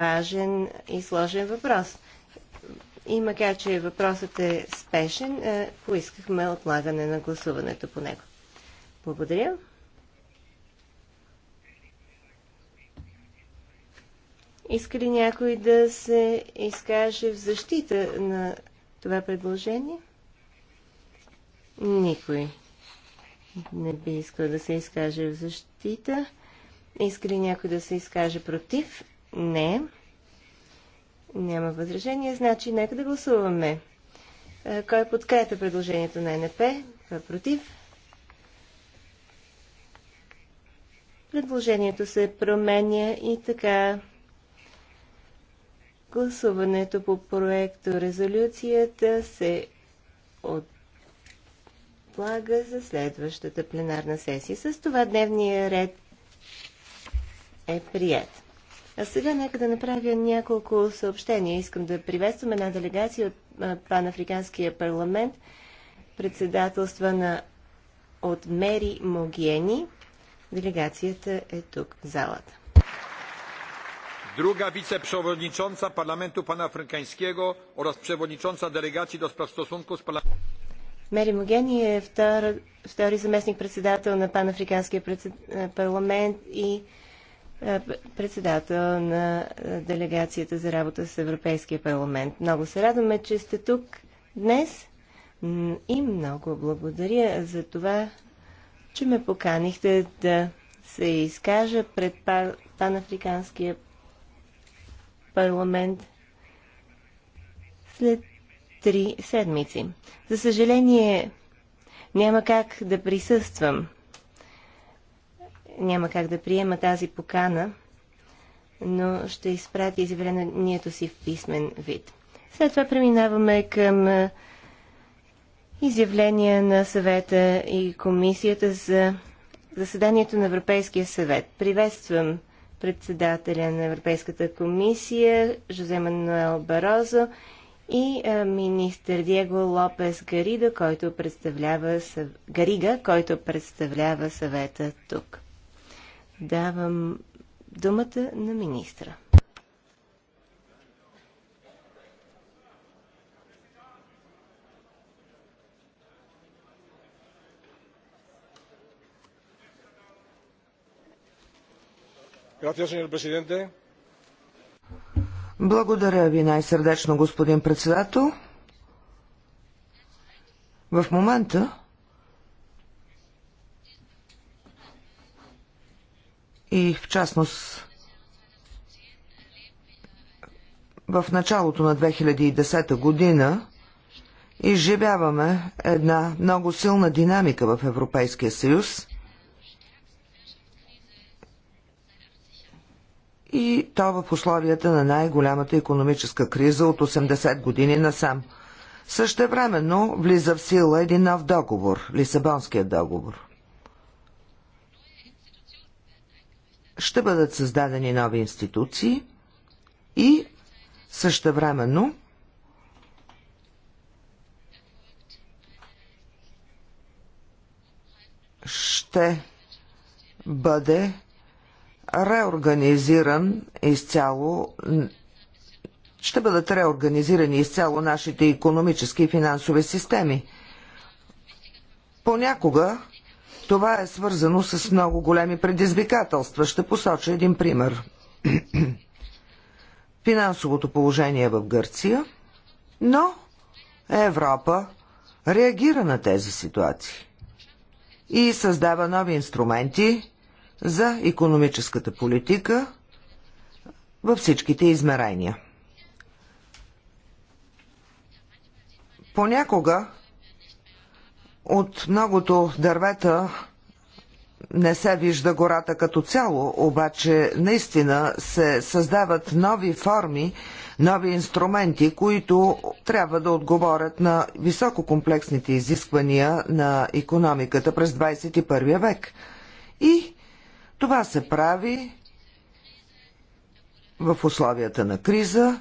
важен и сложен въпрос. И макар, че въпросът е спешен, е, поискахме отлагане на гласуването по него. Благодаря. Иска ли някой да се изкаже в защита на това предложение? Никой не би искал да се изкаже в защита. Иска ли някой да се изкаже против? Не. Няма възражение. Значи, нека да гласуваме. Е, кой подкрепя предложението на НП? Кой е против? Предложението се променя и така гласуването по проекто резолюцията се отлага за следващата пленарна сесия. С това дневния ред е прият. А сега нека да направя няколко съобщения. Искам да приветствам една делегация от Панафриканския парламент, председателства на от Мери Могиени. Делегацията е тук в залата. Druga wiceprzewodnicząca Parlamentu Panafrykańskiego и przewodnicząca delegacji do spraw stosunków с Parlamentem. Мери Могени е втор, втори заместник председател на Панафриканския е, парламент и е, председател на е, делегацията за работа с Европейския парламент. Много се радваме, че сте тук днес и много благодаря за това, че ме поканихте да се изкажа пред Панафриканския парламент след три седмици. За съжаление, няма как да присъствам няма как да приема тази покана, но ще изпрати изявлението си в писмен вид. След това преминаваме към изявления на съвета и комисията за заседанието на Европейския съвет. Приветствам председателя на Европейската комисия Жозе Мануел Барозо и министър Диего Лопес Гарида, който представлява, Гарига, който представлява съвета тук. Давам думата на министра. Благодаря ви най-сърдечно, господин председател. В момента и в частност в началото на 2010 година изживяваме една много силна динамика в Европейския съюз и то в условията на най-голямата економическа криза от 80 години насам. Същевременно влиза в сила един нов договор – Лисабонския договор – ще бъдат създадени нови институции и същевременно ще бъде реорганизиран изцяло ще бъдат реорганизирани изцяло нашите економически и финансови системи. Понякога това е свързано с много големи предизвикателства. Ще посоча един пример. Финансовото положение в Гърция, но Европа реагира на тези ситуации и създава нови инструменти за економическата политика във всичките измерения. Понякога от многото дървета не се вижда гората като цяло, обаче наистина се създават нови форми, нови инструменти, които трябва да отговорят на висококомплексните изисквания на економиката през 21 век. И това се прави в условията на криза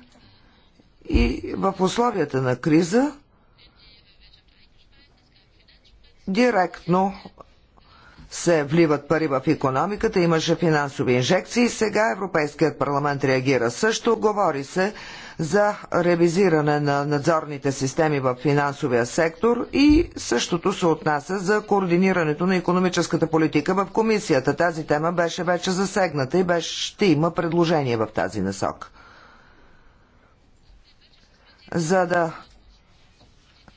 и в условията на криза директно се вливат пари в економиката, имаше финансови инжекции. Сега Европейският парламент реагира също. Говори се за ревизиране на надзорните системи в финансовия сектор и същото се отнася за координирането на економическата политика в комисията. Тази тема беше вече засегната и беше, ще има предложение в тази насок. За да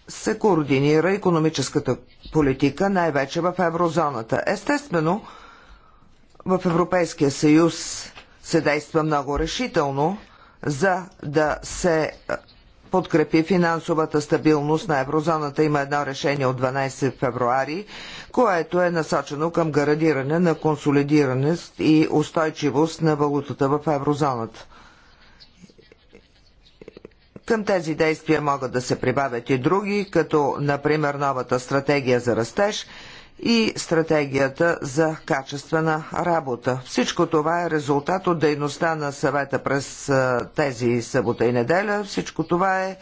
се координира економическата политика, най-вече в еврозоната. Естествено, в Европейския съюз се действа много решително, за да се подкрепи финансовата стабилност на еврозоната. Има едно решение от 12 февруари, което е насочено към гарантиране на консолидираност и устойчивост на валутата в еврозоната. Към тези действия могат да се прибавят и други, като например новата стратегия за растеж и стратегията за качествена работа. Всичко това е резултат от дейността на съвета през тези събота и неделя. Всичко това е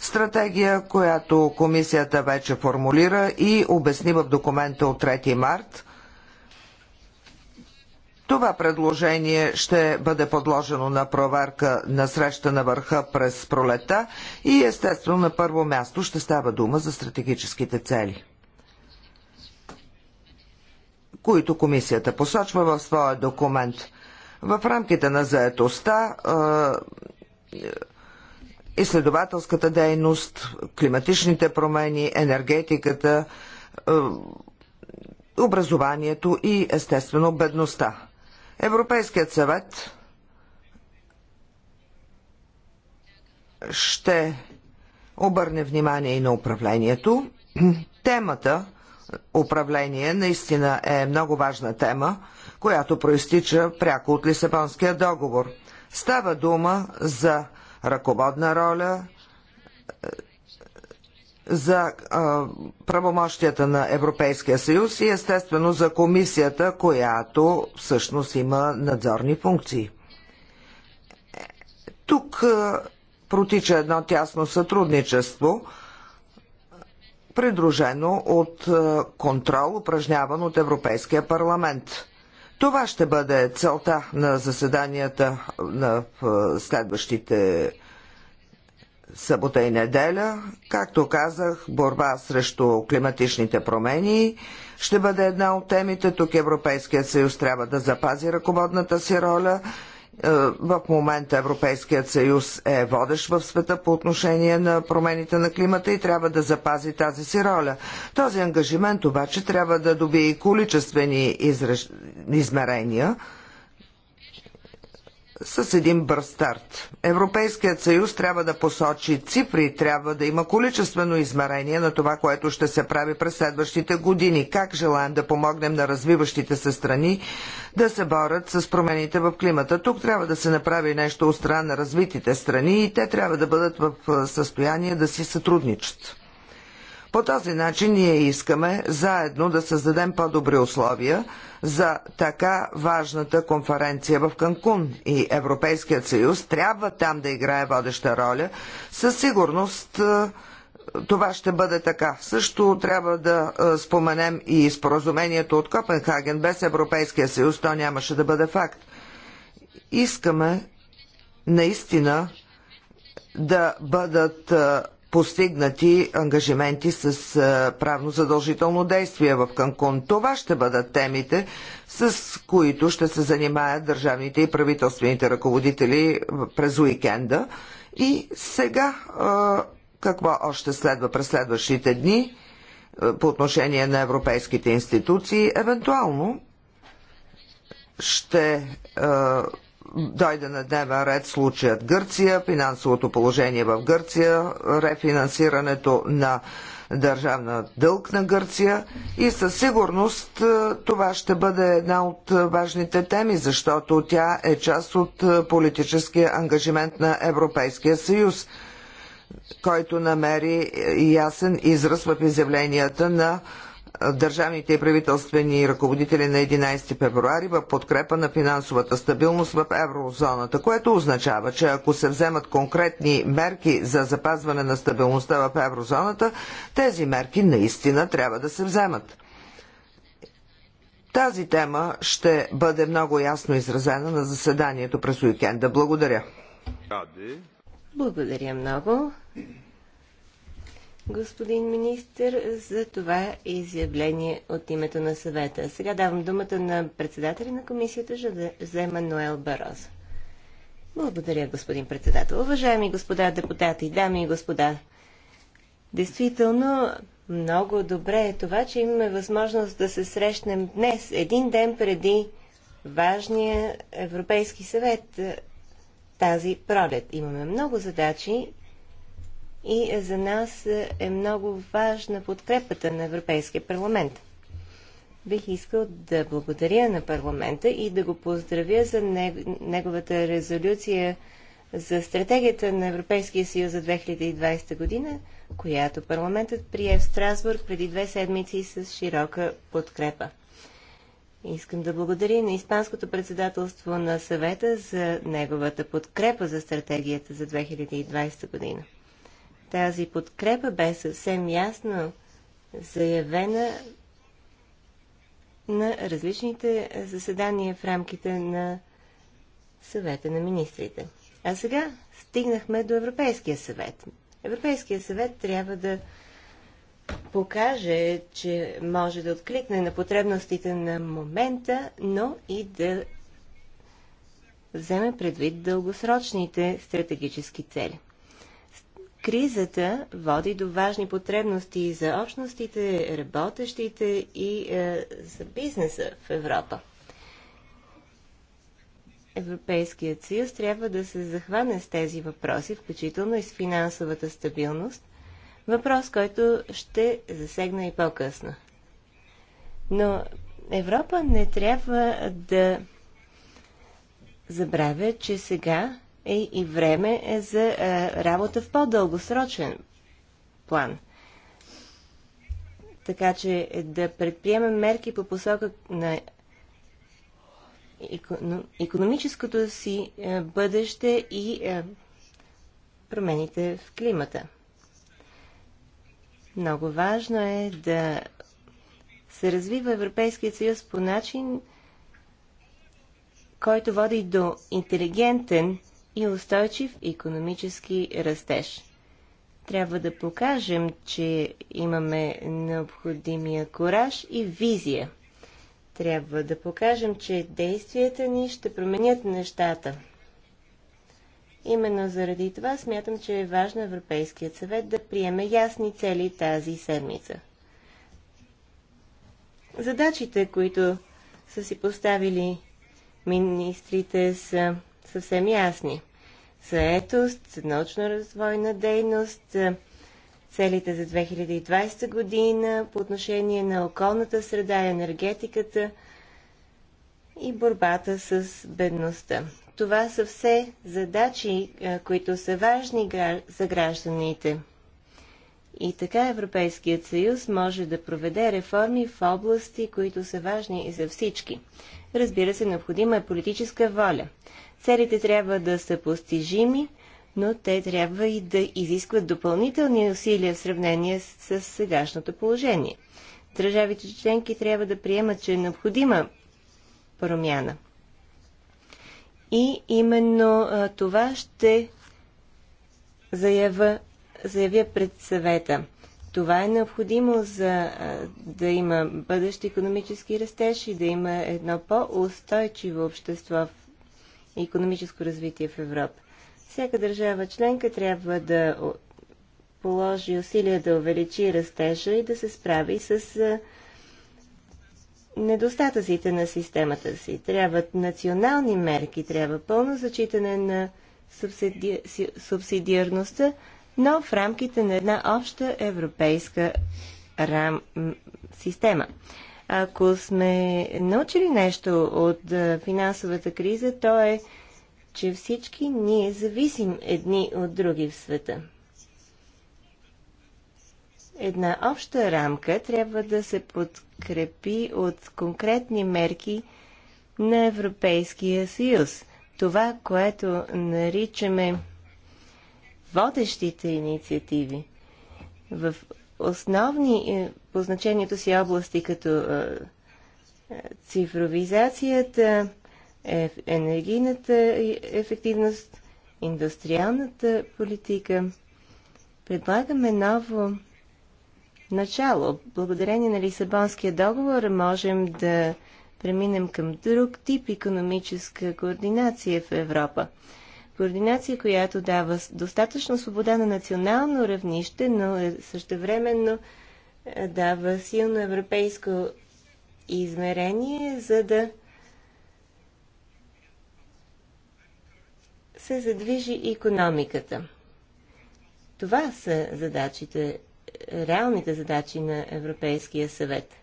стратегия, която комисията вече формулира и обясни в документа от 3 март. Това предложение ще бъде подложено на проверка на среща на върха през пролета и естествено на първо място ще става дума за стратегическите цели които комисията посочва в своя документ. В рамките на заетостта е, изследователската дейност, климатичните промени, енергетиката, е, образованието и естествено бедността. Европейският съвет ще обърне внимание и на управлението. Темата управление наистина е много важна тема, която проистича пряко от Лисабонския договор. Става дума за ръководна роля, за а, правомощията на Европейския съюз и естествено за комисията, която всъщност има надзорни функции. Тук а, протича едно тясно сътрудничество, придружено от а, контрол, упражняван от Европейския парламент. Това ще бъде целта на заседанията на в, следващите събота и неделя. Както казах, борба срещу климатичните промени ще бъде една от темите. Тук Европейският съюз трябва да запази ръководната си роля. Е, в момента Европейският съюз е водещ в света по отношение на промените на климата и трябва да запази тази си роля. Този ангажимент обаче трябва да добие и количествени измерения – с един бърз старт. Европейският съюз трябва да посочи цифри, трябва да има количествено измерение на това, което ще се прави през следващите години. Как желаем да помогнем на развиващите се страни да се борят с промените в климата? Тук трябва да се направи нещо от страна на развитите страни и те трябва да бъдат в състояние да си сътрудничат. По този начин ние искаме заедно да създадем по-добри условия за така важната конференция в Канкун и Европейският съюз трябва там да играе водеща роля. Със сигурност е, това ще бъде така. Също трябва да е, споменем и споразумението от Копенхаген. Без Европейския съюз то нямаше да бъде факт. Искаме наистина да бъдат е, постигнати ангажименти с правно задължително действие в Канкун. Това ще бъдат темите, с които ще се занимаят държавните и правителствените ръководители през уикенда. И сега какво още следва през следващите дни по отношение на европейските институции, евентуално ще дойде на дневен ред случаят Гърция, финансовото положение в Гърция, рефинансирането на държавна дълг на Гърция и със сигурност е, това ще бъде една от важните теми, защото тя е част от е, политическия ангажимент на Европейския съюз, който намери е, ясен израз в изявленията на държавните и правителствени ръководители на 11 февруари в подкрепа на финансовата стабилност в еврозоната, което означава, че ако се вземат конкретни мерки за запазване на стабилността в еврозоната, тези мерки наистина трябва да се вземат. Тази тема ще бъде много ясно изразена на заседанието през уикенда. Благодаря. Благодаря много господин министр, за това изявление от името на съвета. Сега давам думата на председателя на комисията взема Мануел Бароз. Благодаря, господин председател. Уважаеми господа депутати, дами и господа, действително много добре е това, че имаме възможност да се срещнем днес, един ден преди важния Европейски съвет е, тази пролет. Имаме много задачи и за нас е много важна подкрепата на Европейския парламент. Бих искал да благодаря на парламента и да го поздравя за неговата резолюция за стратегията на Европейския съюз за 2020 година, която парламентът прие в Страсбург преди две седмици с широка подкрепа. Искам да благодаря на Испанското председателство на съвета за неговата подкрепа за стратегията за 2020 година. Тази подкрепа бе съвсем ясно заявена на различните заседания в рамките на съвета на министрите. А сега стигнахме до Европейския съвет. Европейския съвет трябва да покаже, че може да откликне на потребностите на момента, но и да вземе предвид дългосрочните стратегически цели. Кризата води до важни потребности за общностите, работещите и е, за бизнеса в Европа. Европейският съюз трябва да се захване с тези въпроси, включително и с финансовата стабилност, въпрос, който ще засегна и по-късно. Но Европа не трябва да забравя, че сега е и време е за е, работа в по-дългосрочен план. Така че да предприемем мерки по посока на економическото си е, бъдеще и промените в климата. Много важно е да се развива Европейския съюз по начин, който води до интелигентен и устойчив економически растеж. Трябва да покажем, че имаме необходимия кораж и визия. Трябва да покажем, че действията ни ще променят нещата. Именно заради това смятам, че е важно Европейският съвет да приеме ясни цели тази седмица. Задачите, които са си поставили министрите, са съвсем ясни. Заетост, научно-развойна дейност, е, целите за 2020 година по отношение на околната среда и енергетиката и борбата с бедността. Това са все задачи, е, които са важни за гражданите. И така Европейският съюз може да проведе реформи в области, които са важни и за всички. Разбира се, необходима е политическа воля. Целите трябва да са постижими, но те трябва и да изискват допълнителни усилия в сравнение с сегашното положение. Държавите членки трябва да приемат, че е необходима промяна. И именно това ще заявя, заявя пред съвета. Това е необходимо за да има бъдещ економически растеж и да има едно по-устойчиво общество в економическо развитие в Европа. Всяка държава членка трябва да положи усилия да увеличи растежа и да се справи с недостатъците на системата си. Трябват национални мерки, трябва пълно зачитане на субсиди... субсидиарността, но в рамките на една обща европейска рам... система. Ако сме научили нещо от финансовата криза, то е, че всички ние зависим едни от други в света. Една обща рамка трябва да се подкрепи от конкретни мерки на Европейския съюз. Това, което наричаме водещите инициативи в основни е, по значението си области, като е, е, цифровизацията, енергийната ефективност, индустриалната политика. Предлагаме ново начало. Благодарение на Лисабонския договор можем да преминем към друг тип економическа координация в Европа координация, която дава достатъчно свобода на национално равнище, но е същевременно е, дава силно европейско измерение, за да се задвижи економиката. Това са задачите, е, реалните задачи на Европейския съвет.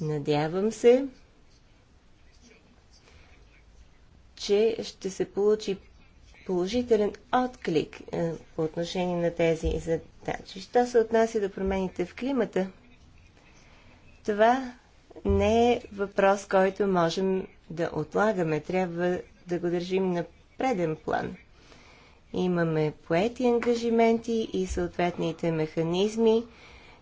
Надявам се, че ще се получи положителен отклик е, по отношение на тези задачи. Що се отнася до промените в климата, това не е въпрос, който можем да отлагаме. Трябва да го държим на преден план. Имаме поети ангажименти и съответните механизми.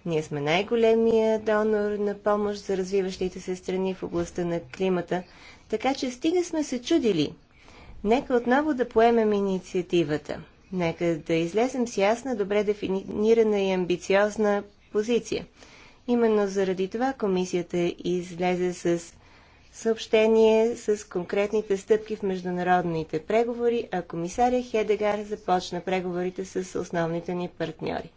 Ние сме най-големия донор на помощ за развиващите се страни в областта на климата. Така че стига сме се чудили – Нека отново да поемем инициативата. Нека да излезем с ясна, добре дефинирана и амбициозна позиция. Именно заради това комисията излезе с съобщение с конкретните стъпки в международните преговори, а комисаря Хедегар започна преговорите с основните ни партньори.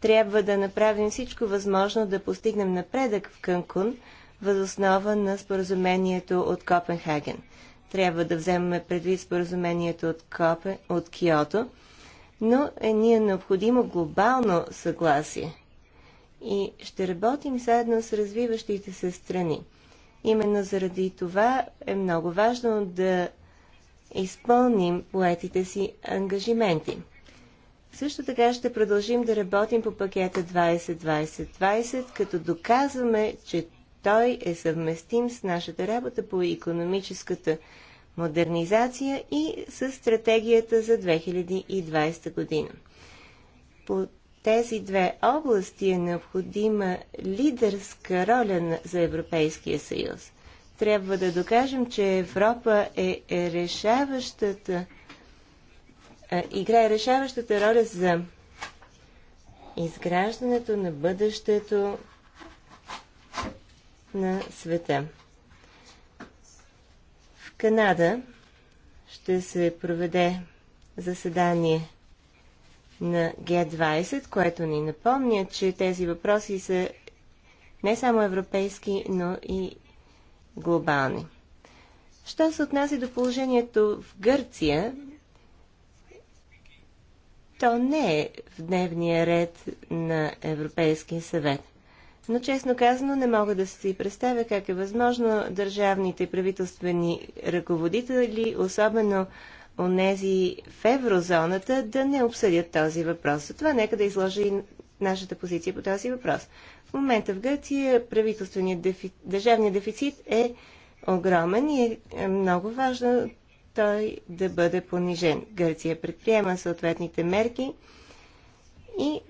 Трябва да направим всичко възможно да постигнем напредък в Канкун, възоснова на споразумението от Копенхаген. Трябва да вземем предвид споразумението от, Копе, от Киото, но е ни е необходимо глобално съгласие. И ще работим заедно с развиващите се страни. Именно заради това е много важно да изпълним поетите си ангажименти. Също така ще продължим да работим по пакета 20-20-20, като доказваме, че той е съвместим с нашата работа по економическата модернизация и с стратегията за 2020 година. По тези две области е необходима лидерска роля за Европейския съюз. Трябва да докажем, че Европа е решаващата играе решаващата роля за изграждането на бъдещето на света. Канада ще се проведе заседание на Г-20, което ни напомня, че тези въпроси са не само европейски, но и глобални. Що се отнася до положението в Гърция, то не е в дневния ред на Европейския съвет. Но честно казано не мога да си представя как е възможно държавните и правителствени ръководители, особено онези в еврозоната, да не обсъдят този въпрос. За това нека да изложи и нашата позиция по този въпрос. В момента в Гърция правителственият дефи... държавният дефицит е огромен и е много важно той да бъде понижен. Гърция предприема съответните мерки и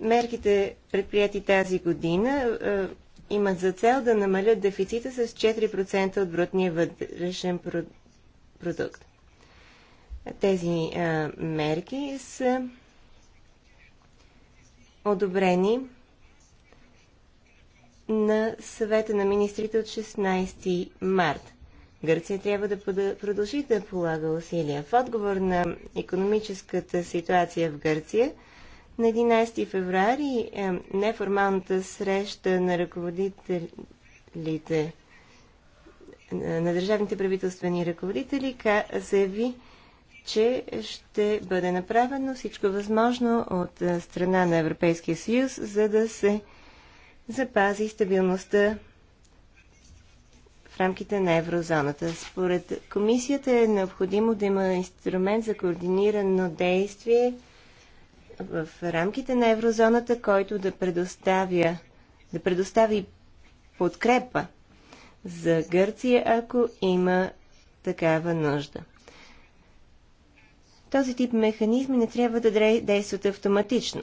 Мерките, предприяти тази година, е, имат за цел да намалят дефицита с 4% от брутния вътрешен продукт. Тези е, мерки са одобрени на съвета на министрите от 16 март. Гърция трябва да продължи да полага усилия. В отговор на економическата ситуация в Гърция – на 11 феврари е, неформалната среща на ръководителите е, на държавните правителствени ръководители заяви, че ще бъде направено всичко възможно от е, страна на Европейския съюз, за да се запази стабилността в рамките на еврозоната. Според комисията е необходимо да има инструмент за координирано действие – в рамките на еврозоната, който да предоставя да предостави подкрепа за Гърция, ако има такава нужда. Този тип механизми не трябва да действат автоматично.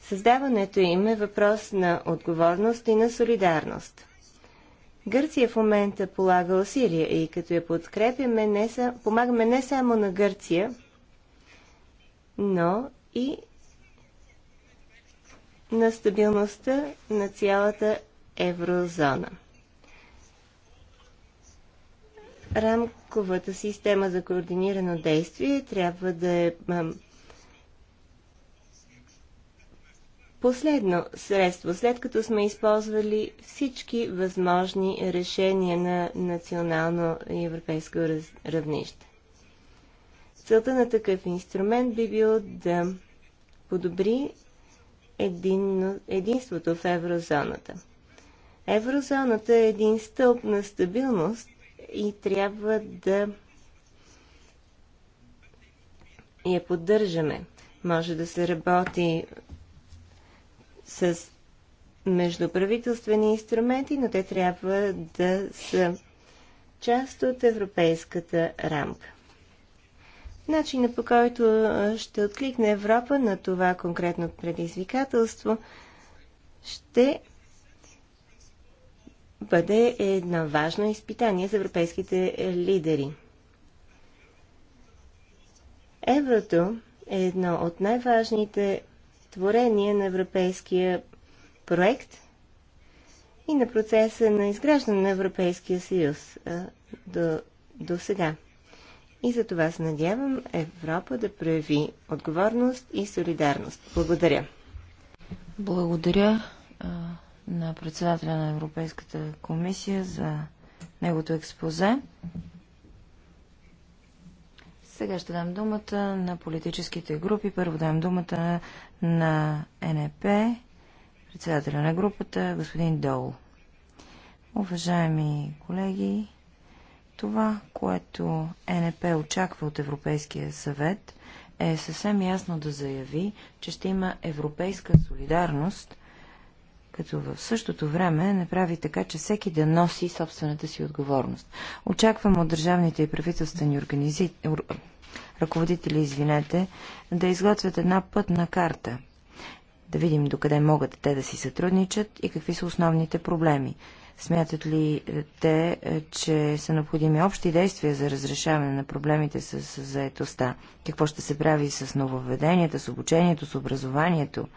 Създаването им е въпрос на отговорност и на солидарност. Гърция в момента полага усилия и като я подкрепяме, не са, помагаме не само на Гърция, но и на стабилността на цялата еврозона. Рамковата система за координирано действие трябва да е последно средство, след като сме използвали всички възможни решения на национално и европейско равнище. Целта на такъв инструмент би било да подобри един, единството в еврозоната. Еврозоната е един стълб на стабилност и трябва да я поддържаме. Може да се работи с междуправителствени инструменти, но те трябва да са част от европейската рамка. Начина по който ще откликне Европа на това конкретно предизвикателство ще бъде едно важно изпитание за европейските лидери. Еврото е едно от най-важните творения на европейския проект и на процеса на изграждане на Европейския съюз до, до сега и за това се надявам Европа да прояви отговорност и солидарност. Благодаря. Благодаря а, на председателя на Европейската комисия за негото експозе. Сега ще дам думата на политическите групи. Първо дам думата на НЕП, председателя на групата, господин Дол. Уважаеми колеги, това, което ЕНП очаква от Европейския съвет, е съвсем ясно да заяви, че ще има европейска солидарност, като в същото време не прави така, че всеки да носи собствената си отговорност. Очаквам от държавните и правителствени организи... ръководители, извинете, да изготвят една пътна карта, да видим докъде могат те да си сътрудничат и какви са основните проблеми. Смятат ли е, те, е, че са необходими общи действия за разрешаване на проблемите с, заетостта? Какво ще се прави с нововведенията, с обучението, с образованието?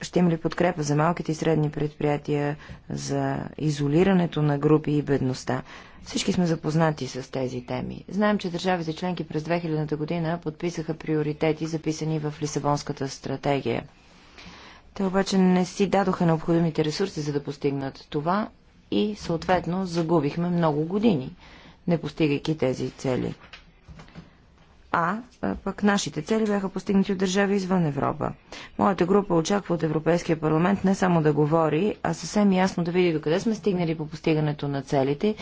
Ще има ли подкрепа за малките и средни предприятия, за изолирането на групи и бедността? Всички сме запознати с тези теми. Знаем, че държавите членки през 2000 година подписаха приоритети, записани в Лисабонската стратегия – те обаче не си дадоха необходимите ресурси, за да постигнат това и съответно загубихме много години, не постигайки тези цели. А пък нашите цели бяха постигнати от държави извън Европа. Моята група очаква от Европейския парламент не само да говори, а съвсем ясно да види докъде сме стигнали по постигането на целите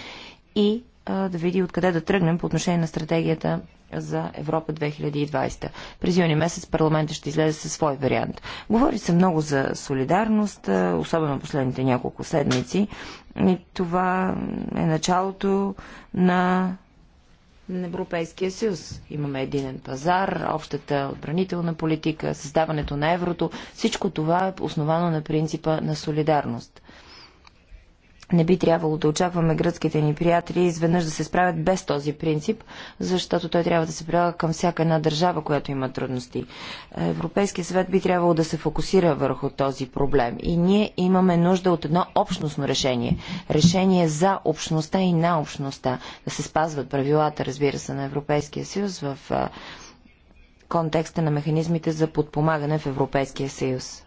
и да види откъде да тръгнем по отношение на стратегията за Европа 2020. През юни месец парламентът ще излезе със свой вариант. Говори се много за солидарност, особено последните няколко седмици. И това е началото на на Европейския съюз. Имаме единен пазар, общата отбранителна политика, създаването на еврото. Всичко това е основано на принципа на солидарност. Не би трябвало да очакваме гръцките ни приятели изведнъж да се справят без този принцип, защото той трябва да се прилага към всяка една държава, която има трудности. Европейския съвет би трябвало да се фокусира върху този проблем. И ние имаме нужда от едно общностно решение. Решение за общността и на общността. Да се спазват правилата, разбира се, на Европейския съюз в контекста на механизмите за подпомагане в Европейския съюз.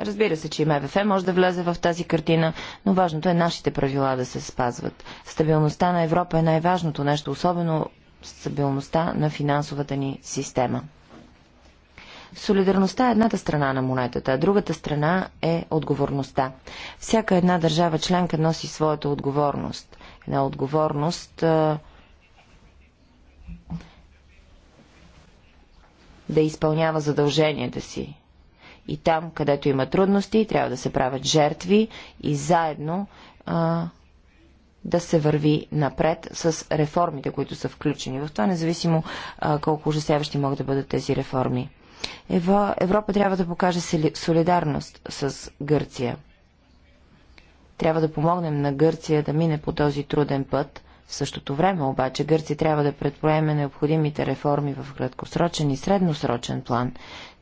Разбира се, че и МВФ може да влезе в тази картина, но важното е нашите правила да се спазват. Стабилността на Европа е най-важното нещо, особено стабилността на финансовата ни система. Солидарността е едната страна на монетата, а другата страна е отговорността. Всяка една държава членка носи своята отговорност. Една отговорност да изпълнява задълженията си и там, където има трудности, трябва да се правят жертви и заедно а, да се върви напред с реформите, които са включени в това, независимо а, колко ужасяващи могат да бъдат тези реформи. Ева, Европа трябва да покаже солидарност с Гърция. Трябва да помогнем на Гърция да мине по този труден път. В същото време обаче Гърция трябва да предприеме необходимите реформи в краткосрочен и средносрочен план.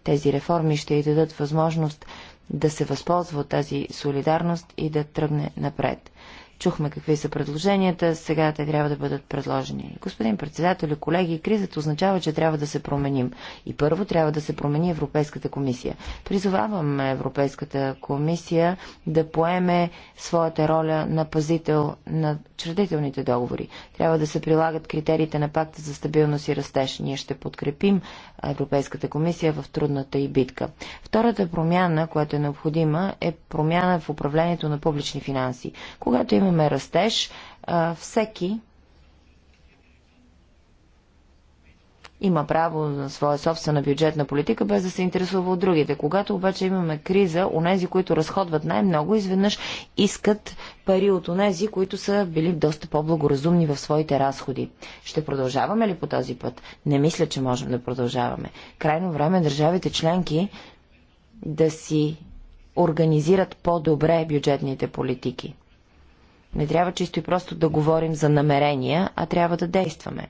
Тези реформи ще й дадат възможност да се възползва от тази солидарност и да тръгне напред. Чухме какви са предложенията, сега те трябва да бъдат предложени. Господин председател, колеги, кризата означава, че трябва да се променим. И първо трябва да се промени Европейската комисия. Призовавам Европейската комисия да поеме своята роля на пазител на чредителните договори. Трябва да се прилагат критериите на пакта за стабилност и растеж. Ние ще подкрепим Европейската комисия в трудната и битка. Втората промяна, която е необходима, е промяна в управлението на публични финанси. Когато имаме растеж, всеки има право на своя собствена бюджетна политика, без да се интересува от другите. Когато обаче имаме криза, онези, които разходват най-много, изведнъж искат пари от онези, които са били доста по-благоразумни в своите разходи. Ще продължаваме ли по този път? Не мисля, че можем да продължаваме. Крайно време е държавите членки да си организират по-добре бюджетните политики. Не трябва чисто и просто да говорим за намерения, а трябва да действаме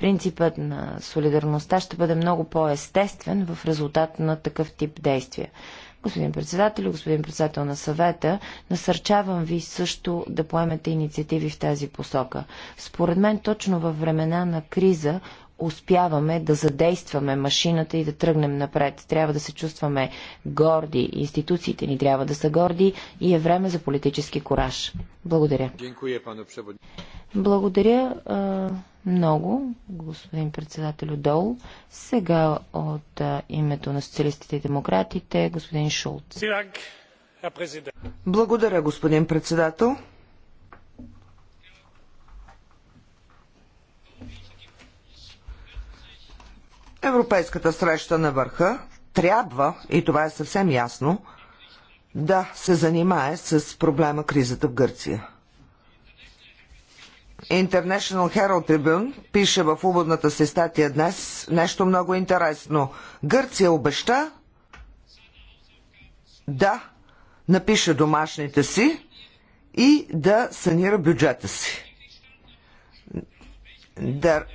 принципът на солидарността ще бъде много по-естествен в резултат на такъв тип действия. Господин председател и господин председател на съвета, насърчавам ви също да поемете инициативи в тази посока. Според мен точно във времена на криза успяваме да задействаме машината и да тръгнем напред. Трябва да се чувстваме горди, институциите ни трябва да са горди и е време за политически кораж. Благодаря. Благодаря а, много, господин председател Долу. Сега от а, името на социалистите и демократите, господин Шулц. Благодаря, господин председател. Европейската среща на върха трябва, и това е съвсем ясно, да се занимае с проблема кризата в Гърция. International Herald Tribune пише в уводната си статия днес нещо много интересно. Гърция обеща да напише домашните си и да санира бюджета си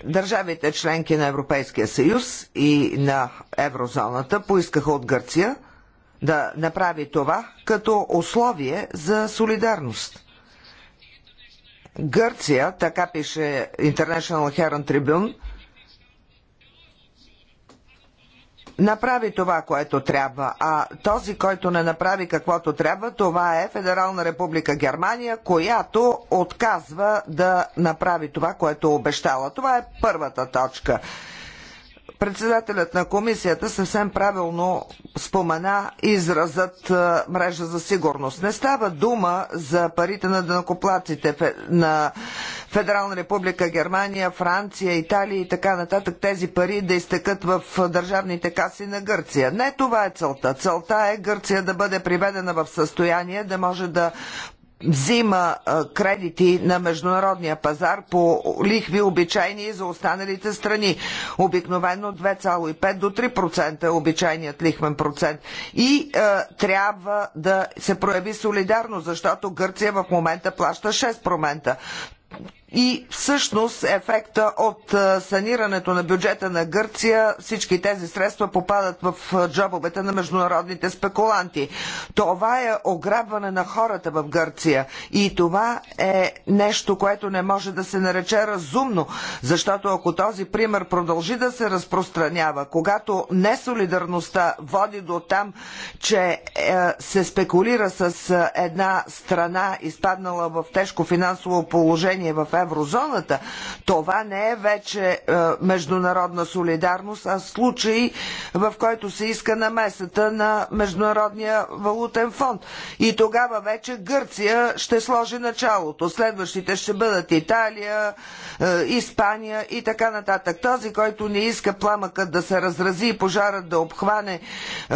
държавите членки на Европейския съюз и на еврозоната поискаха от Гърция да направи това като условие за солидарност. Гърция, така пише International Heron Tribune, направи това, което трябва, а този, който не направи каквото трябва, това е Федерална република Германия, която отказва да направи това, което обещала. Това е първата точка. Председателят на комисията съвсем правилно спомена изразът е, мрежа за сигурност. Не става дума за парите на дънакоплаците на Федерална република Германия, Франция, Италия и така нататък. Тези пари да изтекат в държавните каси на Гърция. Не това е целта. Целта е Гърция да бъде приведена в състояние да може да взима кредити на международния пазар по лихви обичайни за останалите страни. Обикновено 2,5 до 3% е обичайният лихвен процент. И е, трябва да се прояви солидарност, защото Гърция в момента плаща 6%. И всъщност ефекта от санирането на бюджета на Гърция, всички тези средства попадат в джобовете на международните спекуланти. Това е ограбване на хората в Гърция. И това е нещо, което не може да се нарече разумно, защото ако този пример продължи да се разпространява, когато несолидарността води до там, че е, се спекулира с е, една страна, изпаднала в тежко финансово положение в Европа, еврозоната. Това не е вече е, международна солидарност, а случай, в който се иска намесата на Международния валутен фонд. И тогава вече Гърция ще сложи началото. Следващите ще бъдат Италия, е, Испания и така нататък. Този, който не иска пламъкът да се разрази и пожарът да обхване е,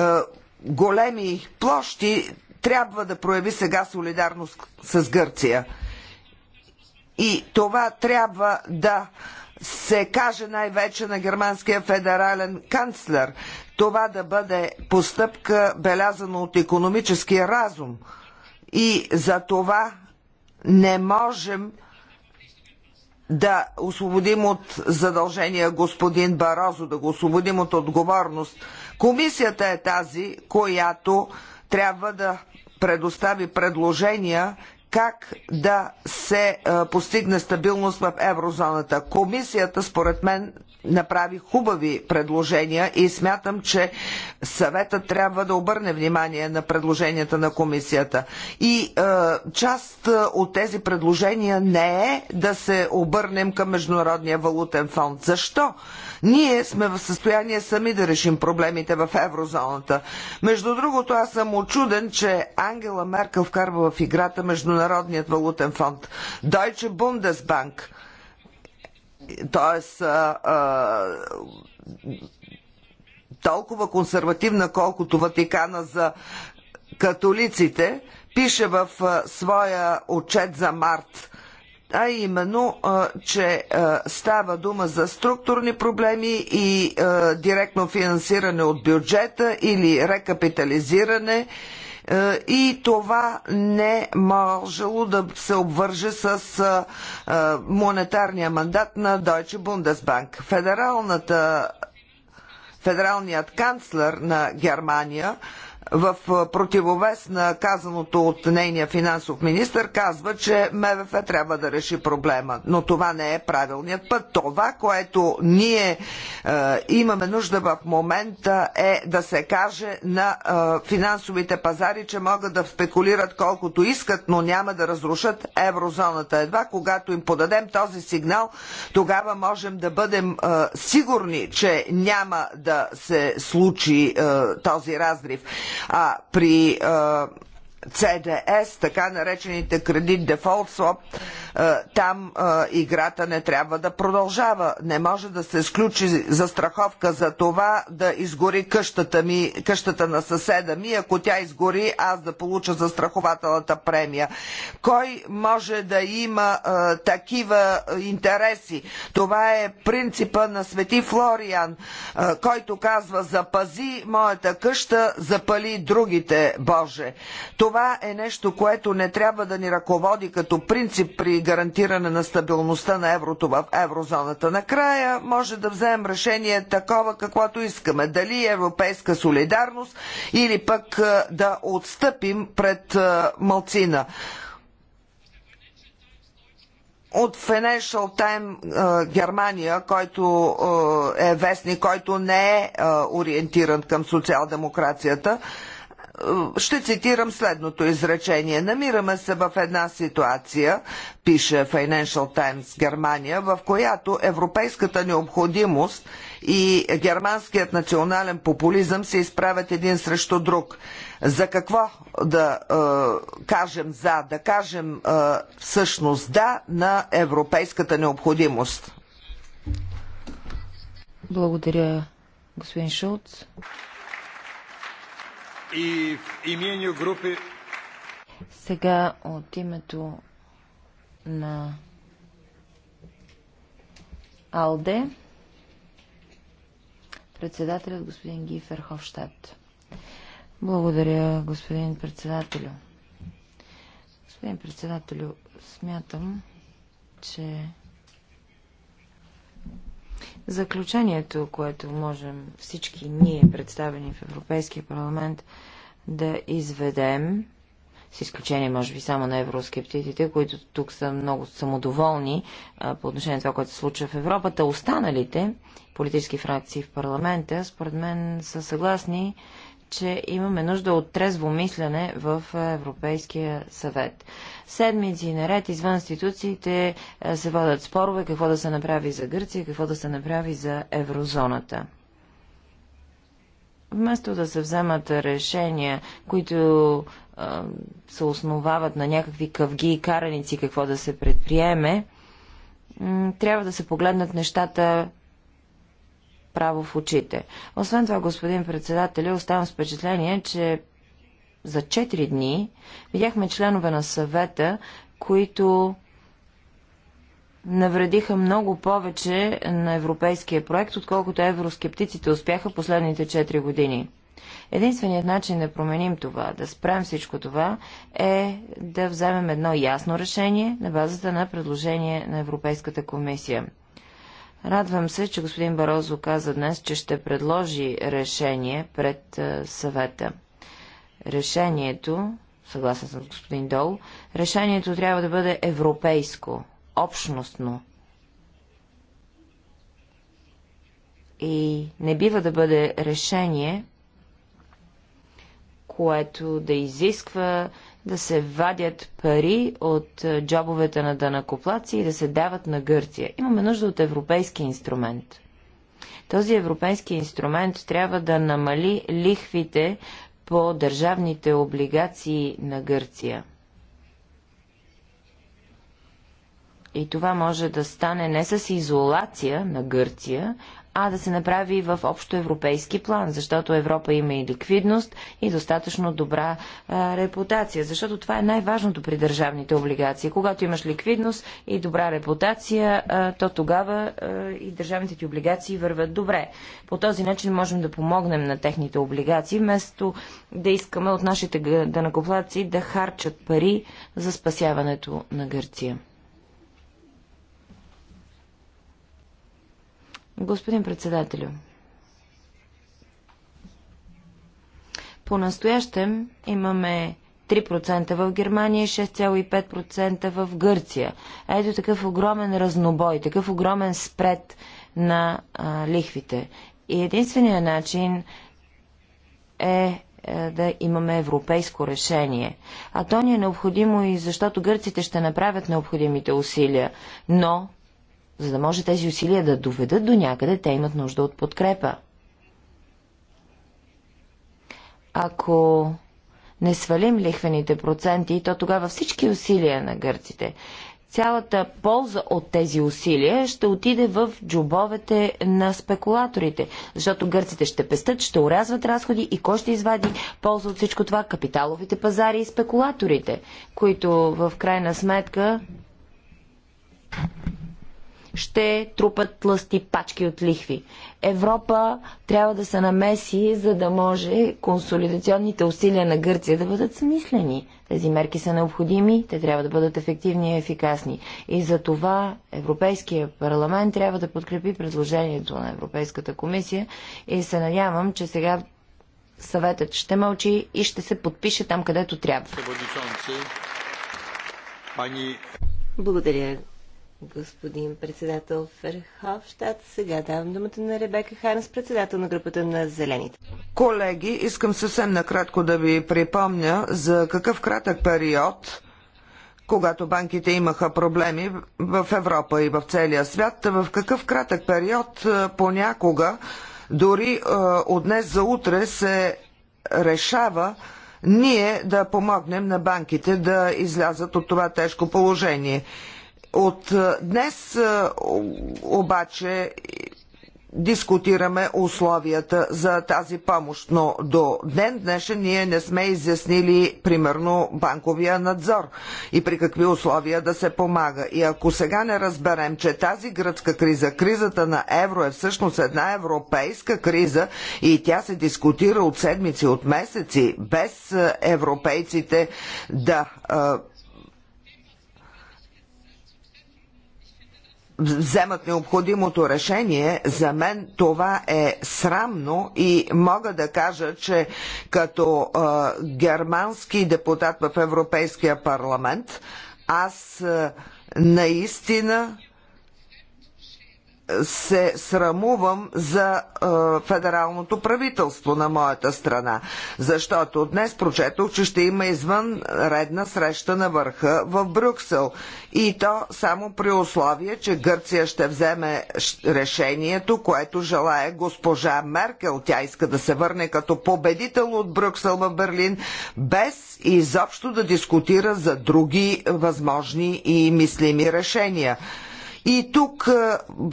големи площи, трябва да прояви сега солидарност с Гърция. И това трябва да се каже най-вече на германския федерален канцлер. Това да бъде постъпка, белязана от економическия разум. И за това не можем да освободим от задължения господин Барозо, да го освободим от отговорност. Комисията е тази, която трябва да предостави предложения как да се постигне стабилност в еврозоната. Комисията, според мен, направи хубави предложения и смятам, че съветът трябва да обърне внимание на предложенията на комисията. И е, част е, от тези предложения не е да се обърнем към Международния валутен фонд. Защо? Ние сме в състояние сами да решим проблемите в еврозоната. Между другото, аз съм очуден, че Ангела Меркел вкарва в играта Международният валутен фонд. Deutsche Bundesbank – т.е толкова консервативна, колкото Ватикана за католиците, пише в своя отчет за март, а именно, че става дума за структурни проблеми и директно финансиране от бюджета или рекапитализиране е, и това не можело да се обвърже с е, е, монетарния мандат на Deutsche Bundesbank. Федералната федералният канцлер на Германия в противовес на казаното от нейния финансов министр, казва, че МВФ трябва да реши проблема. Но това не е правилният път. Това, което ние е, имаме нужда в момента е да се каже на е, финансовите пазари, че могат да спекулират колкото искат, но няма да разрушат еврозоната. Едва когато им подадем този сигнал, тогава можем да бъдем е, сигурни, че няма да се случи е, този разрив. А при CDS, така наречените кредит дефолт своп, е, там е, играта не трябва да продължава. Не може да се сключи застраховка за това да изгори къщата ми, къщата на съседа ми, ако тя изгори, аз да получа застрахователната премия. Кой може да има а, е, такива интереси? Това е принципа на Свети Флориан, а, който казва запази моята къща, запали другите, Боже. Това това е нещо, което не трябва да ни ръководи като принцип при гарантиране на стабилността на еврото в еврозоната. Накрая може да вземем решение такова, каквото искаме. Дали европейска солидарност или пък е, да отстъпим пред е, малцина от Financial Time е, Германия, който е вестник, който не е ориентиран към социал-демокрацията, ще цитирам следното изречение. Намираме се в една ситуация, пише Financial Times Германия, в която европейската необходимост и германският национален популизъм се изправят един срещу друг. За какво да е, кажем за, да кажем е, всъщност да на европейската необходимост? Благодаря, господин Шулц. И в именю групи... Сега от името на Алде, председателят господин Гифер Хофштадт. Благодаря, господин председателю. Господин председателю, смятам, че Заключението, което можем всички ние, представени в Европейския парламент, да изведем, с изключение, може би, само на евроскептиците, които тук са много самодоволни а, по отношение на това, което се случва в Европата, останалите политически фракции в парламента, според мен, са съгласни, че имаме нужда от трезво мислене в Европейския съвет. Седмици наред извън институциите се водят спорове какво да се направи за Гърция, какво да се направи за еврозоната. Вместо да се вземат решения, които а, се основават на някакви къвги и караници какво да се предприеме, трябва да се погледнат нещата право в очите. Освен това, господин председател, оставам с впечатление, че за 4 дни видяхме членове на съвета, които навредиха много повече на европейския проект, отколкото евроскептиците успяха последните 4 години. Единственият начин да променим това, да спрем всичко това, е да вземем едно ясно решение на базата на предложение на Европейската комисия. Радвам се, че господин Барозо каза днес, че ще предложи решение пред е, съвета. Решението, съгласен съм с господин Дол, решението трябва да бъде европейско, общностно. И не бива да бъде решение, което да изисква да се вадят пари от е, джобовете на данакоплаци и да се дават на Гърция. Имаме нужда от европейски инструмент. Този европейски инструмент трябва да намали лихвите по държавните облигации на Гърция. И това може да стане не с изолация на Гърция, а да се направи в общо европейски план, защото Европа има и ликвидност и достатъчно добра а, репутация, защото това е най-важното при държавните облигации. Когато имаш ликвидност и добра репутация, а, то тогава а, и държавните ти облигации върват добре. По този начин можем да помогнем на техните облигации, вместо да искаме от нашите данакоплаци да харчат пари за спасяването на Гърция. Господин председателю, по-настоящем имаме 3% в Германия и 6,5% в Гърция. Ето такъв огромен разнобой, такъв огромен спред на а, лихвите. И единственият начин е, е да имаме европейско решение. А то ни е необходимо и защото гърците ще направят необходимите усилия, но за да може тези усилия да доведат до някъде, те имат нужда от подкрепа. Ако не свалим лихвените проценти, то тогава всички усилия на гърците, цялата полза от тези усилия ще отиде в джобовете на спекулаторите, защото гърците ще пестат, ще урязват разходи и кой ще извади полза от всичко това? Капиталовите пазари и спекулаторите, които в крайна сметка ще трупат тлъсти пачки от лихви. Европа трябва да се намеси, за да може консолидационните усилия на Гърция да бъдат смислени. Тези мерки са необходими, те трябва да бъдат ефективни и ефикасни. И за това Европейския парламент трябва да подкрепи предложението на Европейската комисия и се надявам, че сега съветът ще мълчи и ще се подпише там, където трябва. Благодаря, господин председател Ферховщад. Сега давам думата на Ребека Ханс, председател на групата на Зелените. Колеги, искам съвсем накратко да ви припомня за какъв кратък период когато банките имаха проблеми в Европа и в целия свят, в какъв кратък период е, понякога, дори е, от днес за утре, се решава ние да помогнем на банките да излязат от това тежко положение. От е, днес е, обаче дискутираме условията за тази помощ, но до ден днешен ние не сме изяснили, примерно, банковия надзор и при какви условия да се помага. И ако сега не разберем, че тази гръцка криза, кризата на евро е всъщност една европейска криза и тя се дискутира от седмици, от месеци, без е, европейците да вземат необходимото решение, за мен това е срамно и мога да кажа, че като а, германски депутат в Европейския парламент, аз а, наистина се срамувам за е, федералното правителство на моята страна, защото днес прочетох, че ще има извънредна среща на върха в Брюксел и то само при условие, че Гърция ще вземе решението, което желая госпожа Меркел. Тя иска да се върне като победител от Брюксел в Берлин, без изобщо да дискутира за други възможни и мислими решения. И тук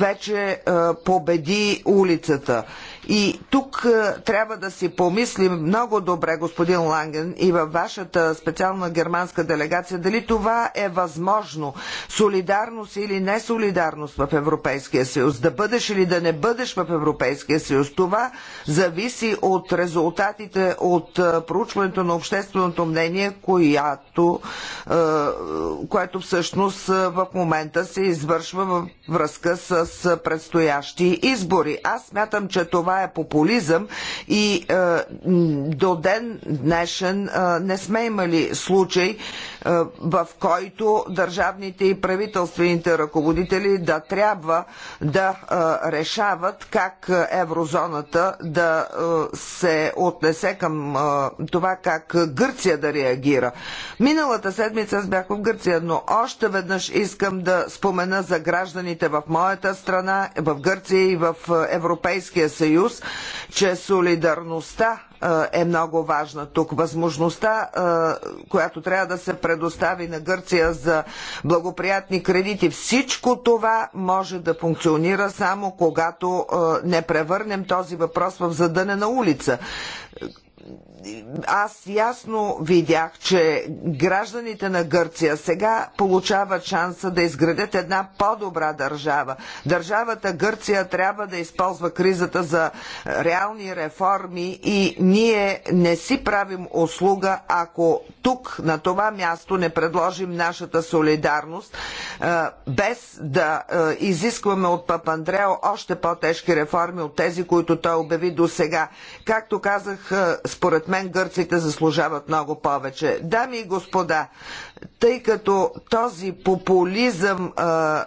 вече победи улицата. И тук е, трябва да си помислим много добре, господин Ланген, и във вашата специална германска делегация, дали това е възможно. Солидарност или несолидарност в Европейския съюз, да бъдеш или да не бъдеш в Европейския съюз, това зависи от резултатите от е, проучването на общественото мнение, която, е, което всъщност в момента се извършва във връзка с предстоящи избори. Аз смятам, че това това е популизъм и е, до ден днешен е, не сме имали случай, е, в който държавните и правителствените ръководители да трябва да е, решават как еврозоната да е, се отнесе към това как Гърция да реагира. Миналата седмица аз бях в Гърция, но още веднъж искам да спомена за гражданите в моята страна, в Гърция и в Европейския съюз, че солидарността е, е много важна тук. Възможността, е, която трябва да се предостави на Гърция за благоприятни кредити, всичко това може да функционира само когато е, не превърнем този въпрос в задънена улица аз ясно видях, че гражданите на Гърция сега получават шанса да изградят една по-добра държава. Държавата Гърция трябва да използва кризата за реални реформи и ние не си правим услуга, ако тук на това място не предложим нашата солидарност, без да изискваме от Папандрео още по-тежки реформи от тези, които той обяви до сега. Както казах, според мен гърците заслужават много повече. Дами и господа, тъй като този популизъм а,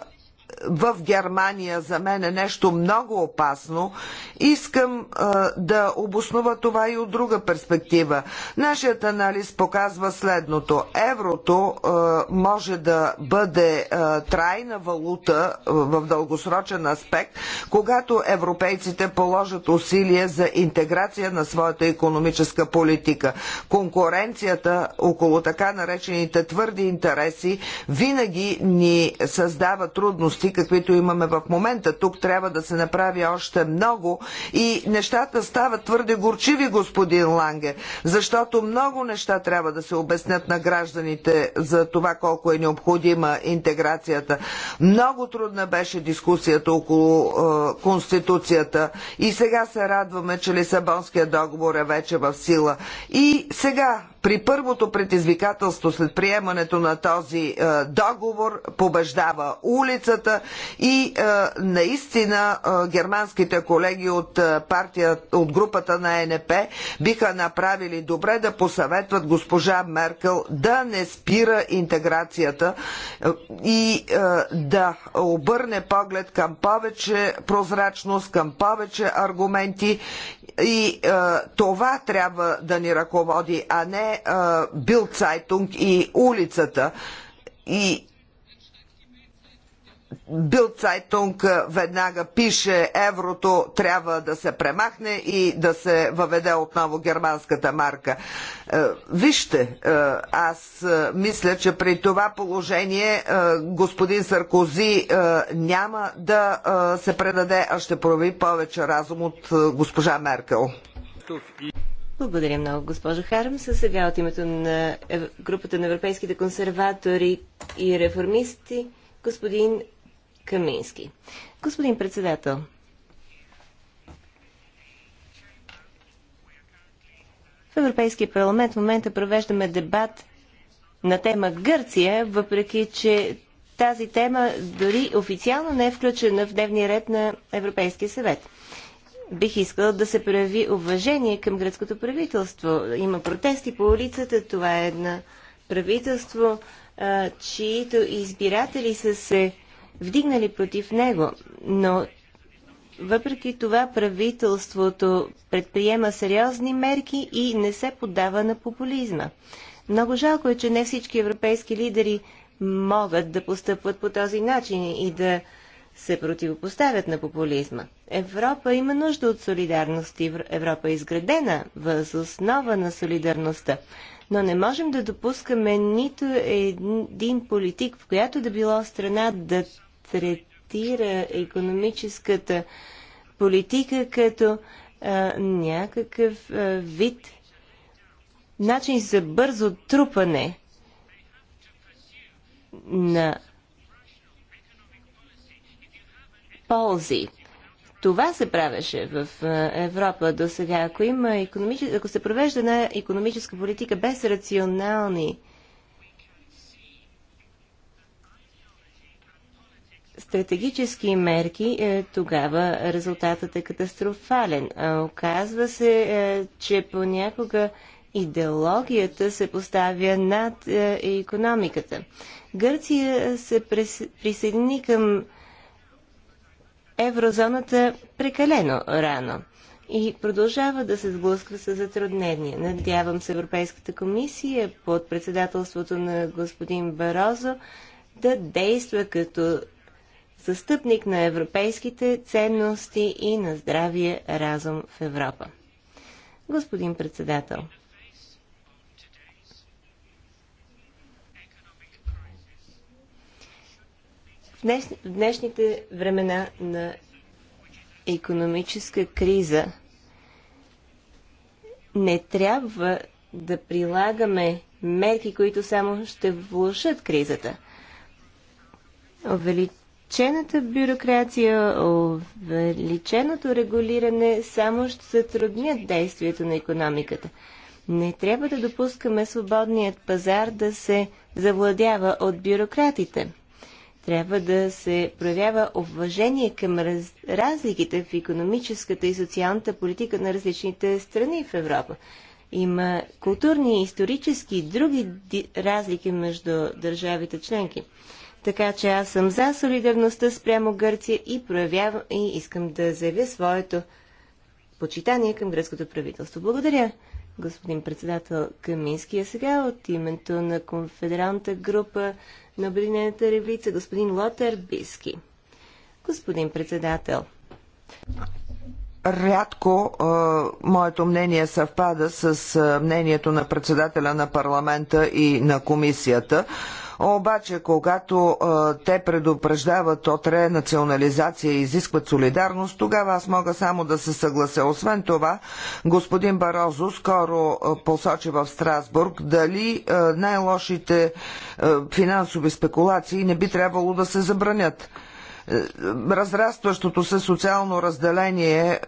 в Германия за мен е нещо много опасно, искам а, да обоснува това и от друга перспектива. Нашият анализ показва следното. Еврото а, може да бъде а, трайна валута в дългосрочен аспект, когато европейците положат усилия за интеграция на своята економическа политика. Конкуренцията около така наречените твърди интереси винаги ни създава трудности възможности, каквито имаме в момента. Тук трябва да се направи още много и нещата стават твърде горчиви, господин Ланге, защото много неща трябва да се обяснят на гражданите за това колко е необходима интеграцията. Много трудна беше дискусията около е, Конституцията и сега се радваме, че Лисабонския договор е вече в сила. И сега при първото предизвикателство след приемането на този е, договор побеждава улицата и е, наистина е, германските колеги от партия, от групата на НП биха направили добре да посъветват госпожа Меркел да не спира интеграцията и да обърне поглед към повече прозрачност, към повече аргументи и а, е, това трябва да ни ръководи, а не е, Сайтунг и улицата. И Сайтунг веднага пише еврото трябва да се премахне и да се въведе отново германската марка. Е, вижте, е, аз е, мисля, че при това положение господин Саркози няма да се предаде, а ще прояви повече разум от госпожа Меркел. Благодаря много, госпожо Харм. Със сега от името на групата на европейските консерватори и реформисти господин Камински. Господин председател, в Европейския парламент в момента провеждаме дебат на тема Гърция, въпреки че тази тема дори официално не е включена в дневния ред на Европейския съвет. Бих искал да се прояви уважение към гръцкото правителство. Има протести по улицата, това е едно правителство, чието избиратели са се вдигнали против него, но въпреки това правителството предприема сериозни мерки и не се поддава на популизма. Много жалко е, че не всички европейски лидери могат да постъпват по този начин и да се противопоставят на популизма. Европа има нужда от солидарност и Европа е изградена въз основа на солидарността. Но не можем да допускаме нито един политик, в която да било страна да третира економическата политика като а, някакъв а, вид начин за бързо трупане на ползи. Това се правеше в Европа до сега. Ако, има Ако се провежда една економическа политика без рационални стратегически мерки, е, тогава резултатът е катастрофален. Оказва се, е, че понякога идеологията се поставя над економиката. Гърция се присъедини към еврозоната прекалено рано и продължава да се сблъсква с затруднения. Надявам се Европейската комисия под председателството на господин Барозо да действа като застъпник на европейските ценности и на здравия разум в Европа. Господин председател, в, днеш... в днешните времена на економическа криза не трябва да прилагаме мерки, които само ще влушат кризата. Увелич увеличената бюрокрация, увеличеното регулиране само ще затруднят действието на економиката. Не трябва да допускаме свободният пазар да се завладява от бюрократите. Трябва да се проявява уважение към раз... разликите в економическата и социалната политика на различните страни в Европа. Има културни, исторически и други ди... разлики между държавите членки. Така че аз съм за солидарността спрямо Гърция и, проявявам, и искам да заявя своето почитание към гръцкото правителство. Благодаря, господин председател Камински. А сега от името на конфедералната група на Обединената ревица, господин Лотер Биски. Господин председател, рядко а, моето мнение съвпада с а, мнението на председателя на парламента и на комисията. Обаче, когато а, те предупреждават от ренационализация и изискват солидарност, тогава аз мога само да се съглася. Освен това, господин Барозо скоро а, посочи в Страсбург дали най-лошите финансови спекулации не би трябвало да се забранят е, разрастващото се социално разделение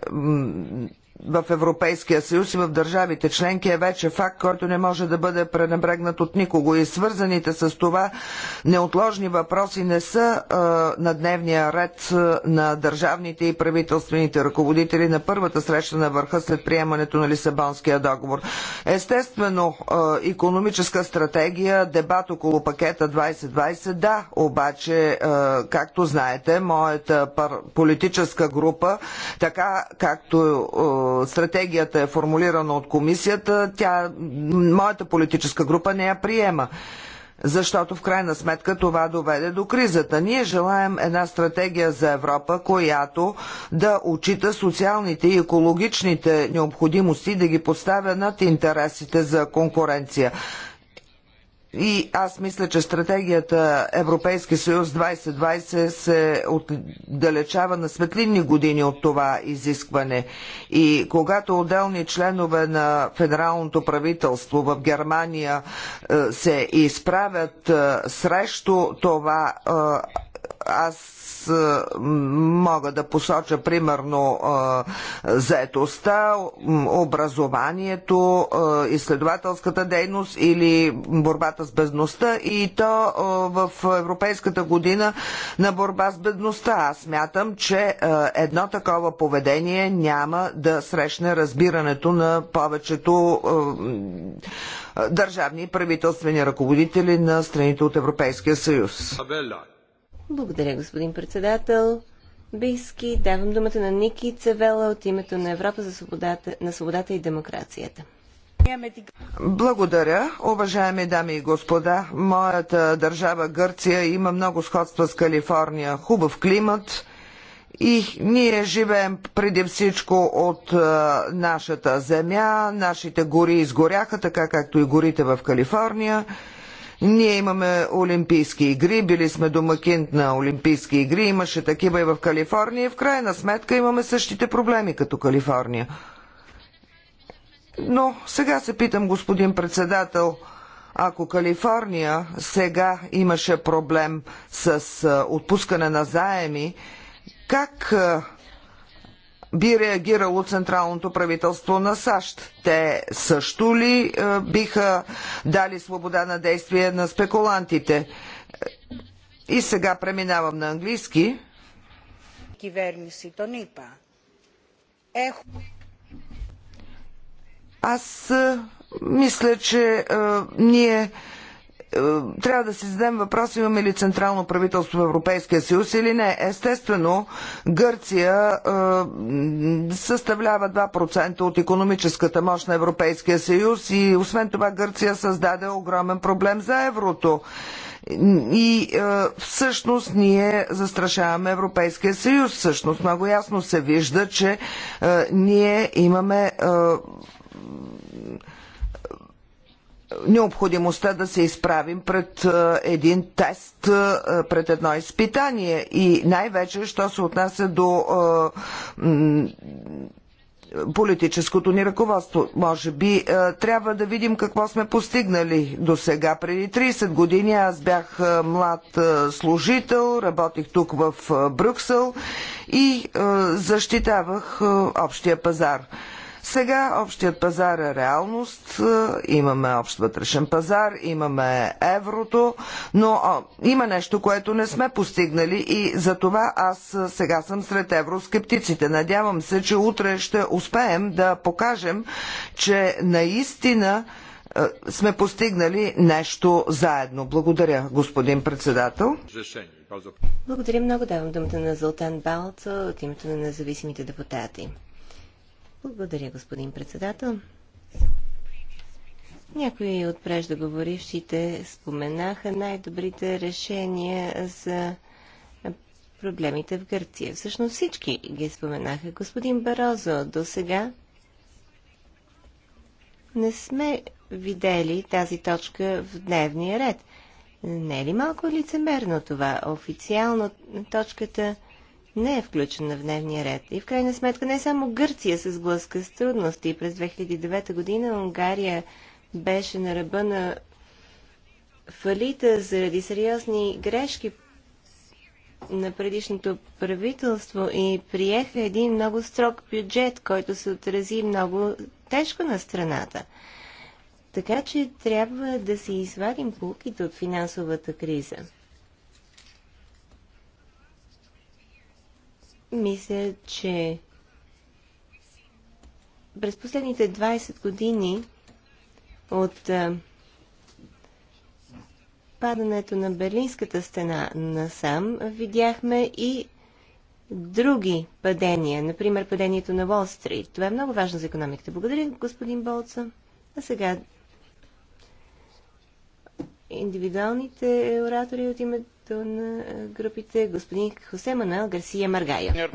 в Европейския съюз и в държавите членки е вече факт, който не може да бъде пренебрегнат от никого. И свързаните с това неотложни въпроси не са а, на дневния ред на държавните и правителствените ръководители на първата среща на върха след приемането на Лисабонския договор. Естествено, а, економическа стратегия, дебат около пакета 2020, да, обаче, а, както знаете, моята политическа група, така както стратегията е формулирана от комисията, тя, моята политическа група не я приема защото в крайна сметка това доведе до кризата. Ние желаем една стратегия за Европа, която да очита социалните и екологичните необходимости, да ги поставя над интересите за конкуренция. И аз мисля, че стратегията Европейски съюз 2020 се отдалечава на светлинни години от това изискване. И когато отделни членове на федералното правителство в Германия е, се изправят е, срещу това е, аз мога да посоча примерно заетостта, образованието, изследователската дейност или борбата с бедността и то в Европейската година на борба с бедността. Аз смятам, че едно такова поведение няма да срещне разбирането на повечето държавни и правителствени ръководители на страните от Европейския съюз. Благодаря, господин председател. Биски, давам думата на Ники Цевела от името на Европа за свободата, на свободата и демокрацията. Благодаря, уважаеми дами и господа. Моята държава Гърция има много сходства с Калифорния. Хубав климат, и ние живеем преди всичко от нашата земя, нашите гори изгоряха, така както и горите в Калифорния. Ние имаме Олимпийски игри, били сме домакин на Олимпийски игри, имаше такива и в Калифорния в крайна сметка имаме същите проблеми като Калифорния. Но сега се питам, господин председател, ако Калифорния сега имаше проблем с отпускане на заеми, как би реагирало Централното правителство на САЩ? Те също ли е, биха дали свобода на действие на спекулантите? И сега преминавам на английски. Е Аз е, мисля, че ние е, трябва да си зададем въпрос, имаме ли централно правителство в Европейския съюз или не. Естествено, Гърция е, съставлява 2% от економическата мощ на Европейския съюз и освен това Гърция създаде огромен проблем за еврото и е, всъщност ние застрашаваме Европейския съюз. Всъщност много ясно се вижда, че е, ние имаме е, необходимостта да се изправим пред е, един тест, е, пред едно изпитание и най-вече, що се отнася до е, политическото ни ръководство. Може би трябва да видим какво сме постигнали до сега. Преди 30 години аз бях млад служител, работих тук в Брюксел и защитавах общия пазар. Сега общият пазар е реалност, е, имаме общ вътрешен пазар, имаме еврото, но о, има нещо, което не сме постигнали и за това аз е, сега съм сред евроскептиците. Надявам се, че утре ще успеем да покажем, че наистина е, сме постигнали нещо заедно. Благодаря, господин председател. Благодаря много. Давам думата на Золтан Балт от името на независимите депутати. Благодаря, господин председател. Някои от преждоговорившите споменаха най-добрите решения за проблемите в Гърция. Всъщност всички ги споменаха. Господин Барозо, до сега не сме видели тази точка в дневния ред. Не е ли малко лицемерно това? Официално точката не е включена в дневния ред. И в крайна сметка не само Гърция се сблъска с трудности. През 2009 година Унгария беше на ръба на фалита заради сериозни грешки на предишното правителство и приеха един много строг бюджет, който се отрази много тежко на страната. Така че трябва да си извадим полките от финансовата криза. Мисля, че през последните 20 години от падането на Берлинската стена насам видяхме и други падения, например падението на Уолл Стрит. Това е много важно за економиката. Благодаря, господин Болца. А сега индивидуалните оратори от името на групите, господин Хосе Манел Гарсия Маргая.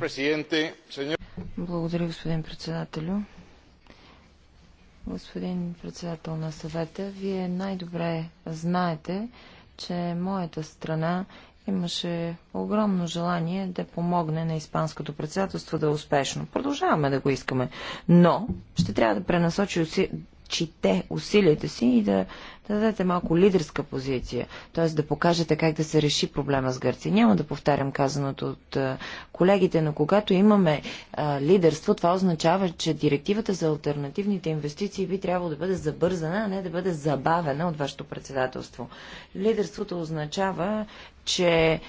Благодаря, господин председателю. Господин председател на съвета, вие най-добре знаете, че моята страна имаше огромно желание да помогне на Испанското председателство да е успешно. Продължаваме да го искаме, но ще трябва да пренасочи отчете усилията си и да, да дадете малко лидерска позиция, т.е. да покажете как да се реши проблема с Гърция. Няма да повтарям казаното от колегите, но когато имаме а, лидерство, това означава, че директивата за альтернативните инвестиции би трябвало да бъде забързана, а не да бъде забавена от вашето председателство. Лидерството означава, че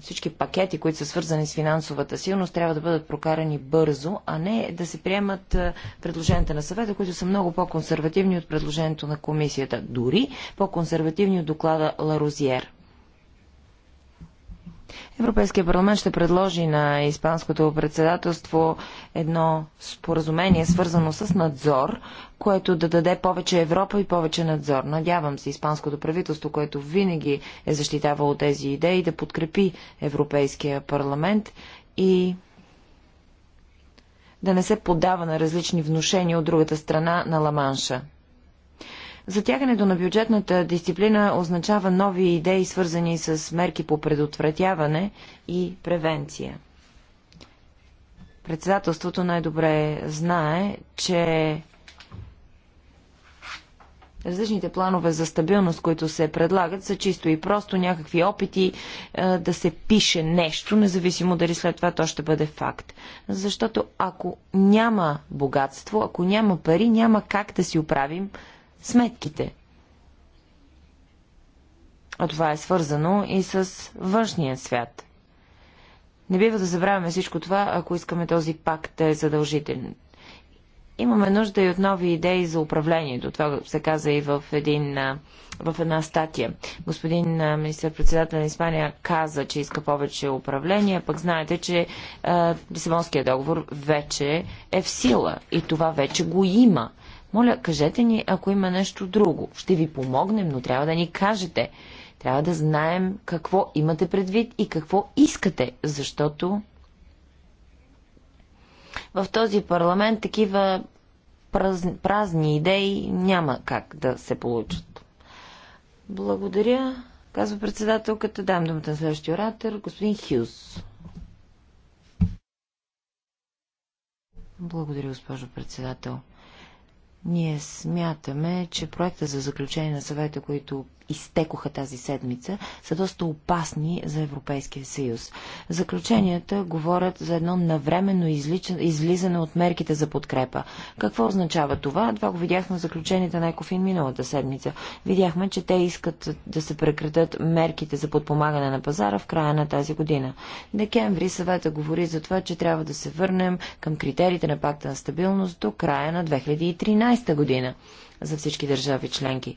всички пакети, които са свързани с финансовата силност, трябва да бъдат прокарани бързо, а не да се приемат предложенията на съвета, които са много по-консервативни от предложението на комисията, дори по-консервативни от доклада Ларозиер. Европейския парламент ще предложи на Испанското председателство едно споразумение, свързано с надзор, което да даде повече Европа и повече надзор. Надявам се Испанското правителство, което винаги е защитавало тези идеи, да подкрепи Европейския парламент и да не се поддава на различни внушения от другата страна на Ламанша. Затягането на бюджетната дисциплина означава нови идеи, свързани с мерки по предотвратяване и превенция. Председателството най-добре знае, че различните планове за стабилност, които се предлагат, са чисто и просто някакви опити е, да се пише нещо, независимо дали след това то ще бъде факт. Защото ако няма богатство, ако няма пари, няма как да си оправим сметките. А това е свързано и с външния свят. Не бива да забравяме всичко това, ако искаме този пакт да е задължителен. Имаме нужда и от нови идеи за управлението. Това се каза и в, един, в една статия. Господин министър-председател на Испания каза, че иска повече управление, пък знаете, че е, Лисабонския договор вече е в сила и това вече го има. Моля, кажете ни, ако има нещо друго. Ще ви помогнем, но трябва да ни кажете. Трябва да знаем какво имате предвид и какво искате, защото в този парламент такива празни, празни идеи няма как да се получат. Благодаря, казва председателката. Дам думата на следващия оратор, господин Хюз. Благодаря, госпожо председател. Ние смятаме, че проекта за заключение на съвета, които изтекоха тази седмица, са доста опасни за Европейския съюз. Заключенията говорят за едно навременно излизане от мерките за подкрепа. Какво означава това? Това го видяхме в заключенията на Екофин миналата седмица. Видяхме, че те искат да се прекратят мерките за подпомагане на пазара в края на тази година. Декември съвета говори за това, че трябва да се върнем към критериите на пакта на стабилност до края на 2013 година за всички държави членки.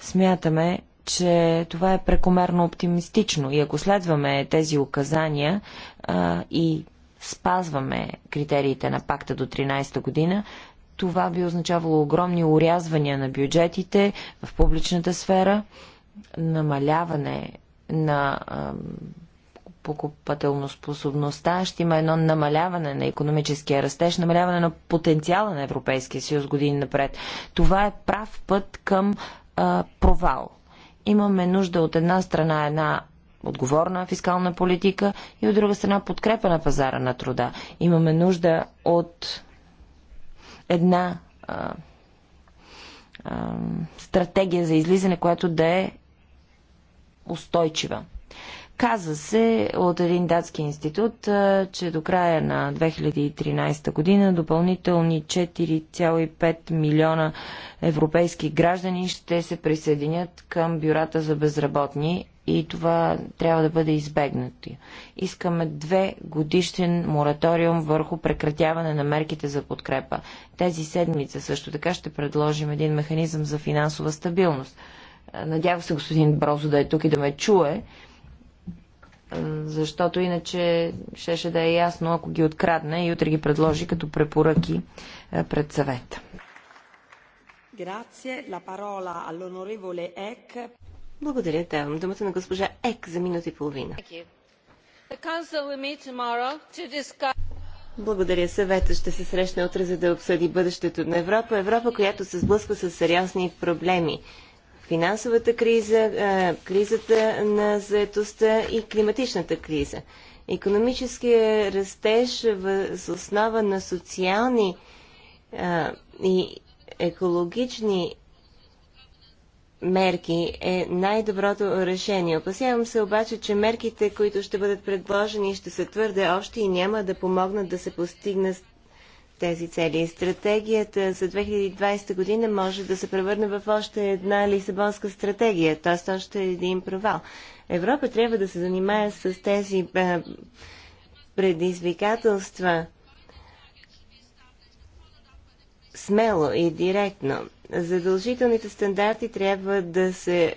Смятаме, че това е прекомерно оптимистично и ако следваме тези указания а, и спазваме критериите на пакта до 13-та година, това би означавало огромни урязвания на бюджетите в публичната сфера, намаляване на а, способността, ще има едно намаляване на економическия растеж, намаляване на потенциала на Европейския съюз години напред. Това е прав път към а, провал. Имаме нужда от една страна една отговорна фискална политика и от друга страна подкрепа на пазара на труда. Имаме нужда от една а, а, стратегия за излизане, която да е устойчива. Каза се от един датски институт, че до края на 2013 година допълнителни 4,5 милиона европейски граждани ще се присъединят към бюрата за безработни и това трябва да бъде избегнато. Искаме две годишен мораториум върху прекратяване на мерките за подкрепа. Тези седмица също така ще предложим един механизъм за финансова стабилност. Надявам се господин Брозо да е тук и да ме чуе, е, защото иначе щеше да е ясно, ако ги открадне и утре ги предложи като препоръки е, пред съвета. Благодаря. Давам думата на госпожа Ек за минута и половина. Благодаря. Съвета ще се срещне утре, за да обсъди бъдещето на Европа. Европа, която се сблъсква с сериозни проблеми финансовата криза, кризата на заетостта и климатичната криза. Економическия растеж въз основа на социални и екологични мерки е най-доброто решение. Опасявам се обаче, че мерките, които ще бъдат предложени, ще са твърде общи и няма да помогнат да се постигне тези цели. Стратегията за 2020 година може да се превърне в още една Лисабонска стратегия, т.е. още един провал. Европа трябва да се занимае с тези е, предизвикателства смело и директно. Задължителните стандарти трябва да се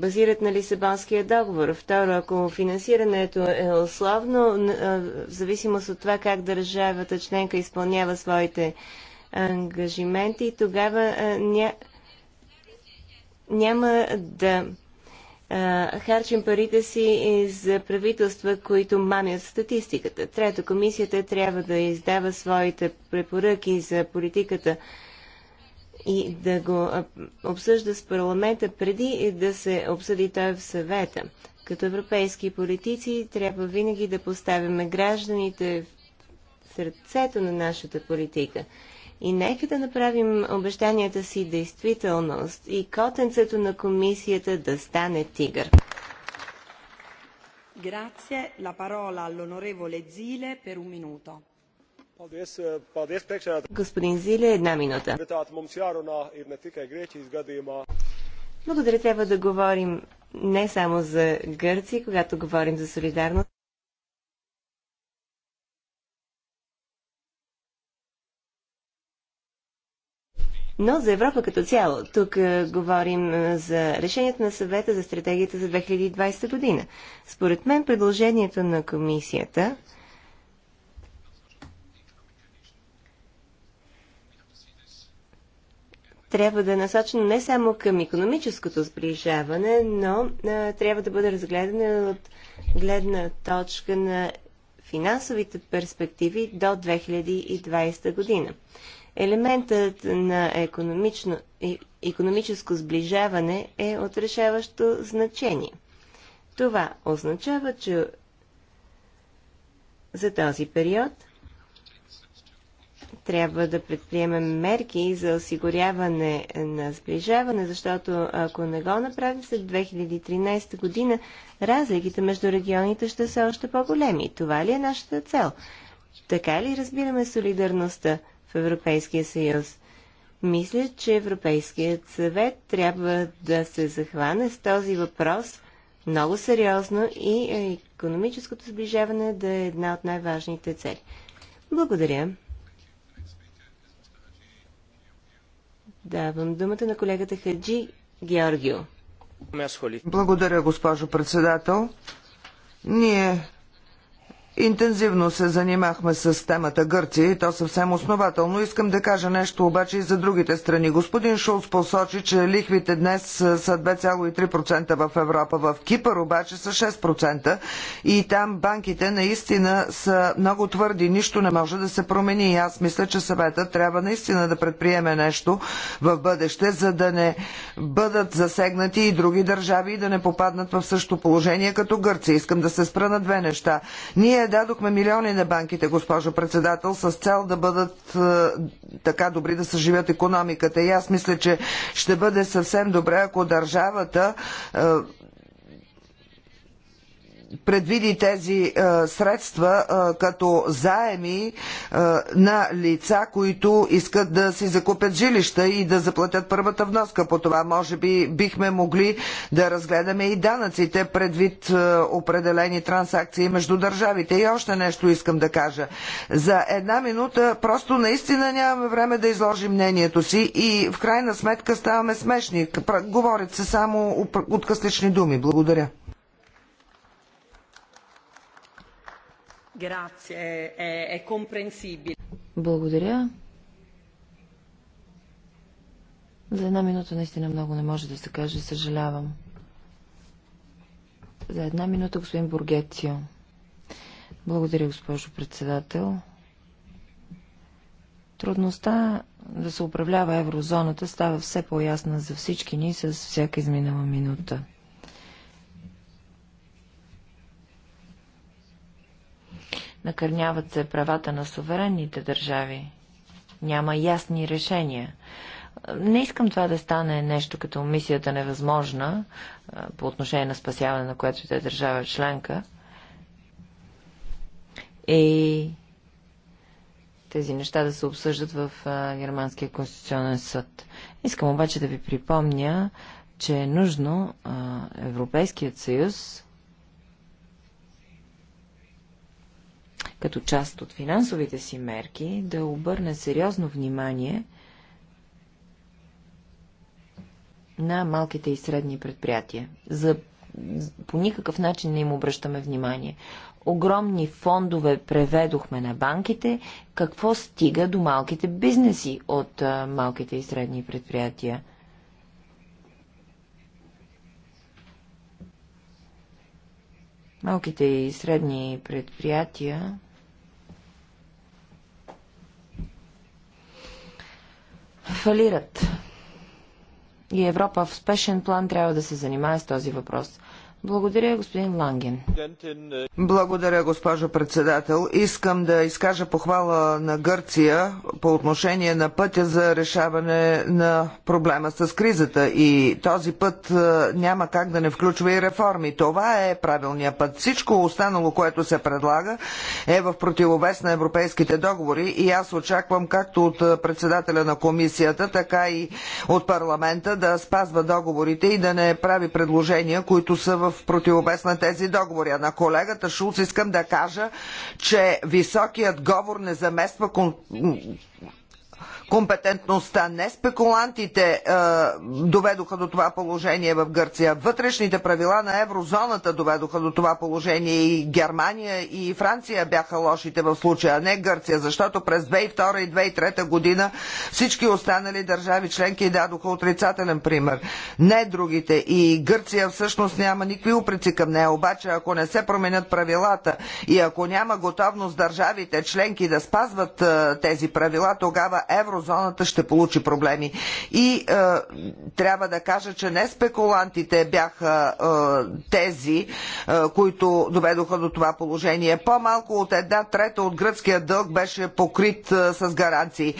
базират на Лисабонския договор. Второ, ако финансирането е условно, в зависимост от това как държавата членка изпълнява своите ангажименти, тогава ня... няма да харчим парите си за правителства, които мамят статистиката. Трето, комисията трябва да издава своите препоръки за политиката и да го обсъжда с парламента преди да се обсъди той в съвета. Като европейски политици трябва винаги да поставяме гражданите в сърцето на нашата политика. И нека да направим обещанията си действителност и котенцето на комисията да стане тигър. Grazie, la parola all'onorevole Zile per un minuto. Eh, Господин Зиле, една минута. Благодаря, трябва да говорим не само за Гърция, когато говорим за солидарност. но за Европа като цяло. Тук е, говорим е, за решението на съвета за стратегията за 2020 година. Според мен предложението на комисията трябва да е насочено не само към економическото сближаване, но а, трябва да бъде разгледано от гледна точка на финансовите перспективи до 2020 година. Елементът на економично, економическо сближаване е от решаващо значение. Това означава, че за този период – трябва да предприемем мерки за осигуряване на сближаване, защото ако не го направим след 2013 година, разликите между регионите ще са още по-големи. Това ли е нашата цел? Така ли разбираме солидарността в Европейския съюз? Мисля, че Европейският съвет трябва да се захване с този въпрос много сериозно и економическото сближаване да е една от най-важните цели. Благодаря. Давам думата на колегата Хаджи Георгио. Благодаря, госпожо председател. Ние Интензивно се занимахме с темата Гърция и то съвсем основателно. Искам да кажа нещо обаче и за другите страни. Господин Шулц посочи, че лихвите днес са 2,3% в Европа. В Кипър обаче са 6% и там банките наистина са много твърди. Нищо не може да се промени. И аз мисля, че съвета трябва наистина да предприеме нещо в бъдеще, за да не бъдат засегнати и други държави и да не попаднат в същото положение като Гърция. Искам да се спра на две неща. Ние дадохме милиони на банките, госпожо председател, с цел да бъдат е, така добри да съживят економиката. И аз мисля, че ще бъде съвсем добре, ако държавата е, предвиди тези средства като заеми на лица, които искат да си закупят жилища и да заплатят първата вноска. По това може би бихме могли да разгледаме и данъците предвид определени трансакции между държавите. И още нещо искам да кажа. За една минута просто наистина нямаме време да изложим мнението си и в крайна сметка ставаме смешни. Говорят се само откъслични думи. Благодаря. Благодаря. За една минута наистина много не може да се каже, съжалявам. За една минута господин Бургетио. Благодаря, госпожо председател. Трудността да се управлява еврозоната става все по-ясна за всички ни с всяка изминала минута. Накърняват се правата на суверенните държави. Няма ясни решения. Не искам това да стане нещо като мисията невъзможна по отношение на спасяване на което те е държава членка. И тези неща да се обсъждат в Германския конституционен съд. Искам обаче да ви припомня, че е нужно Европейският съюз като част от финансовите си мерки, да обърне сериозно внимание на малките и средни предприятия. За, по никакъв начин не им обръщаме внимание. Огромни фондове преведохме на банките. Какво стига до малките бизнеси от а, малките и средни предприятия? Малките и средни предприятия фалират. И Европа в спешен план трябва да се занимае с този въпрос. Благодаря, господин Ланген. Благодаря, госпожо председател. Искам да изкажа похвала на Гърция по отношение на пътя за решаване на проблема с кризата. И този път е, няма как да не включва и реформи. Това е правилният път. Всичко останало, което се предлага, е в противовес на европейските договори. И аз очаквам както от е, председателя на комисията, така и от парламента да спазва договорите и да не прави предложения, които са в в противовес на тези договори. А на колегата Шулц искам да кажа, че високият говор не замества компетентността, не спекулантите е, доведоха до това положение в Гърция. Вътрешните правила на еврозоната доведоха до това положение и Германия и Франция бяха лошите в случая, а не Гърция, защото през 2002 и 2003 година всички останали държави членки дадоха отрицателен пример. Не другите. И Гърция всъщност няма никакви упреци към нея. Обаче, ако не се променят правилата и ако няма готовност държавите членки да спазват е, тези правила, тогава евро еврозоната ще получи проблеми. И е, трябва да кажа, че не спекулантите бяха е, тези, е, които доведоха до това положение. По-малко от една трета от гръцкия дълг беше покрит е, с гаранции. Е,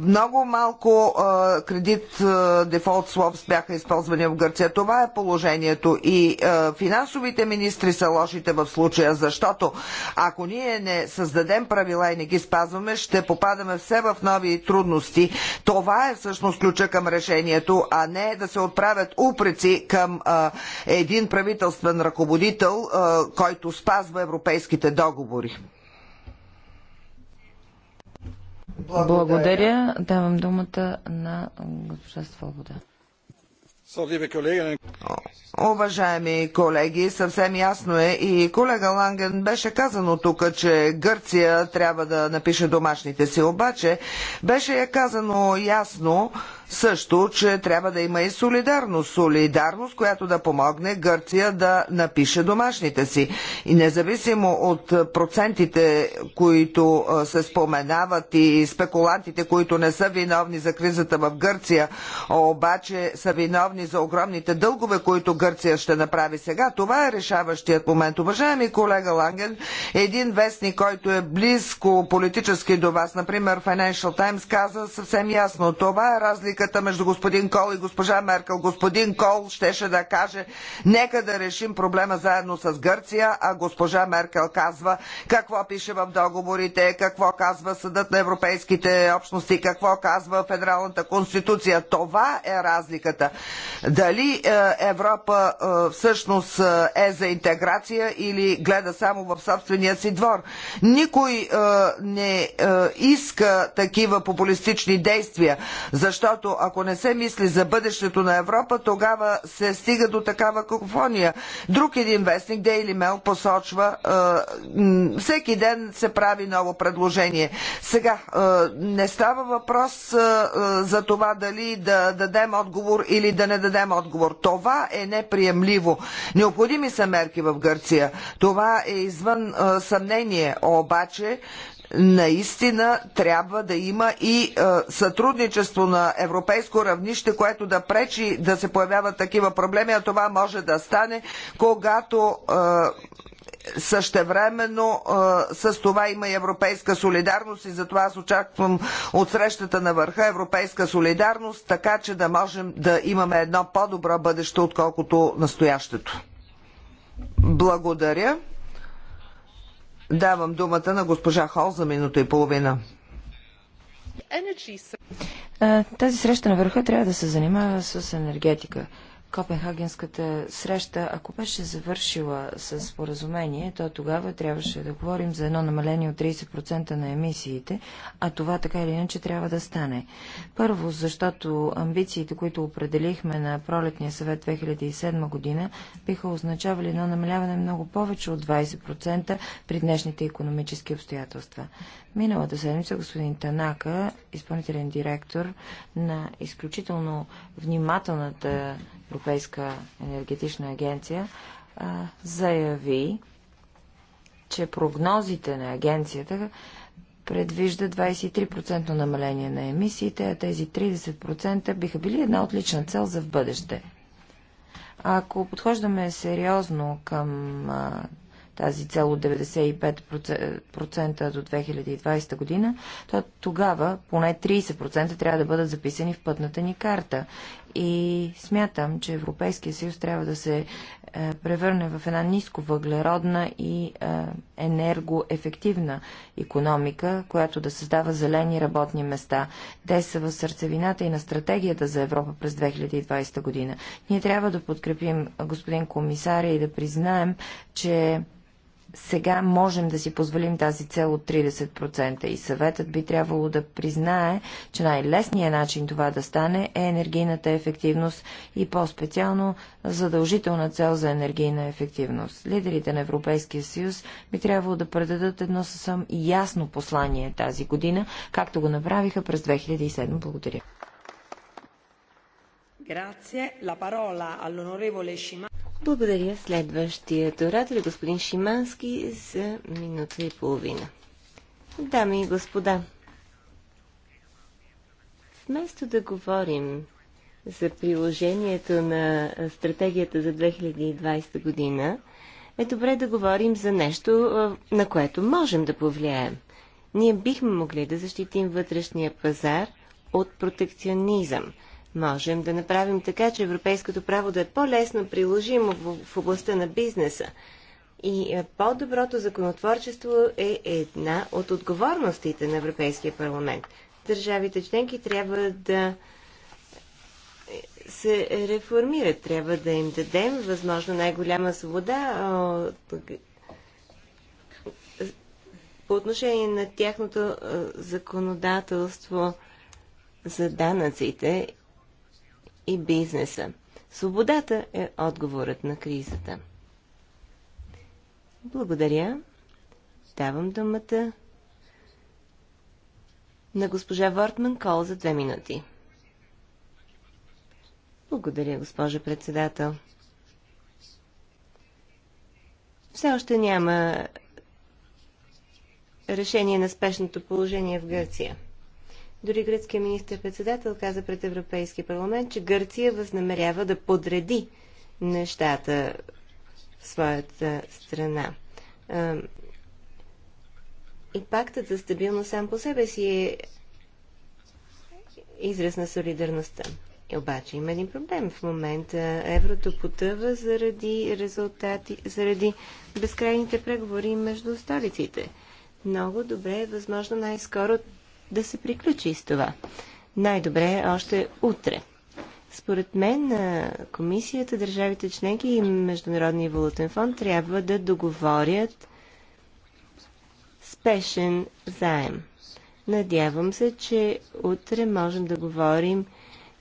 много малко е, кредит е, дефолт слопс бяха използвани в Гърция. Това е положението и е, финансовите министри са лошите в случая, защото ако ние не създадем правила и не ги спазваме, ще попадаме все в нови трудности. Това е всъщност ключа към решението, а не да се отправят упреци към а, един правителствен ръководител, а, който спазва европейските договори. Благодаря. Благодаря. Давам думата на госпожа Свобода. Уважаеми колеги, съвсем ясно е и колега Ланген беше казано тук, че Гърция трябва да напише домашните си, обаче беше казано ясно, също, че трябва да има и солидарност. Солидарност, която да помогне Гърция да напише домашните си. И независимо от процентите, които се споменават и спекулантите, които не са виновни за кризата в Гърция, обаче са виновни за огромните дългове, които Гърция ще направи сега, това е решаващият момент. Уважаеми колега Ланген, един вестник, който е близко политически до вас, например Financial Times, каза съвсем ясно, това е разлика разликата между господин Кол и госпожа Меркел. Господин Кол щеше да каже, нека да решим проблема заедно с Гърция, а госпожа Меркел казва какво пише в договорите, какво казва Съдът на Европейските общности, какво казва Федералната конституция. Това е разликата. Дали е, Европа е, всъщност е за интеграция или гледа само в собствения си двор. Никой е, не иска такива популистични действия, защото защото ако не се мисли за бъдещето на Европа, тогава се стига до такава какофония. Друг един вестник, Daily Mail, посочва, е, всеки ден се прави ново предложение. Сега, е, не става въпрос е, за това дали да дадем отговор или да не дадем отговор. Това е неприемливо. Необходими са мерки в Гърция. Това е извън съмнение. Обаче, наистина трябва да има и е, сътрудничество на европейско равнище, което да пречи да се появяват такива проблеми, а това може да стане, когато е, същевременно е, с това има и европейска солидарност и затова аз очаквам от срещата на върха европейска солидарност, така че да можем да имаме едно по-добро бъдеще, отколкото настоящето. Благодаря. Давам думата на госпожа Хол за минута и половина. Е, тази среща на върха трябва да се занимава с енергетика. Копенхагенската среща, ако беше завършила с споразумение, то тогава трябваше да говорим за едно намаление от 30% на емисиите, а това така или иначе трябва да стане. Първо, защото амбициите, които определихме на пролетния съвет 2007 година, биха означавали едно намаляване много повече от 20% при днешните економически обстоятелства. Миналата седмица господин Танака, изпълнителен директор на изключително внимателната Европейска енергетична агенция, заяви, че прогнозите на агенцията предвижда 23% намаление на емисиите, а тези 30% биха били една отлична цел за в бъдеще. Ако подхождаме сериозно към тази цел от 95% до 2020 година, то тогава поне 30% трябва да бъдат записани в пътната ни карта и смятам, че Европейския съюз трябва да се е, превърне в една ниско въглеродна и е, енергоефективна економика, която да създава зелени работни места. Те са в сърцевината и на стратегията за Европа през 2020 година. Ние трябва да подкрепим господин комисаря и да признаем, че сега можем да си позволим тази цел от 30% и съветът би трябвало да признае, че най-лесният начин това да стане е енергийната ефективност и по-специално задължителна цел за енергийна ефективност. Лидерите на Европейския съюз би трябвало да предадат едно съвсем ясно послание тази година, както го направиха през 2007. Благодаря. Благодаря. Следващият оратор е господин Шимански за минута и половина. Дами и господа, вместо да говорим за приложението на стратегията за 2020 година, е добре да говорим за нещо, на което можем да повлияем. Ние бихме могли да защитим вътрешния пазар от протекционизъм – можем да направим така, че европейското право да е по-лесно приложимо в областта на бизнеса. И е, по-доброто законотворчество е една от отговорностите на Европейския парламент. Държавите членки трябва да е, се реформират. Трябва да им дадем възможно най-голяма свобода е, по отношение на тяхното законодателство за данъците и бизнеса. Свободата е отговорът на кризата. Благодаря. Давам думата на госпожа Вортман Кол за две минути. Благодаря, госпожа председател. Все още няма решение на спешното положение в Гърция. Дори гръцкият министр-председател каза пред Европейски парламент, че Гърция възнамерява да подреди нещата в своята страна. И пактът за стабилност сам по себе си е израз на солидарността. И обаче има един проблем. В момента еврото потъва заради резултати, заради безкрайните преговори между столиците. Много добре е възможно най-скоро да се приключи с това. Най-добре е още утре. Според мен, комисията, държавите членки и Международния валутен фонд трябва да договорят спешен заем. Надявам се, че утре можем да говорим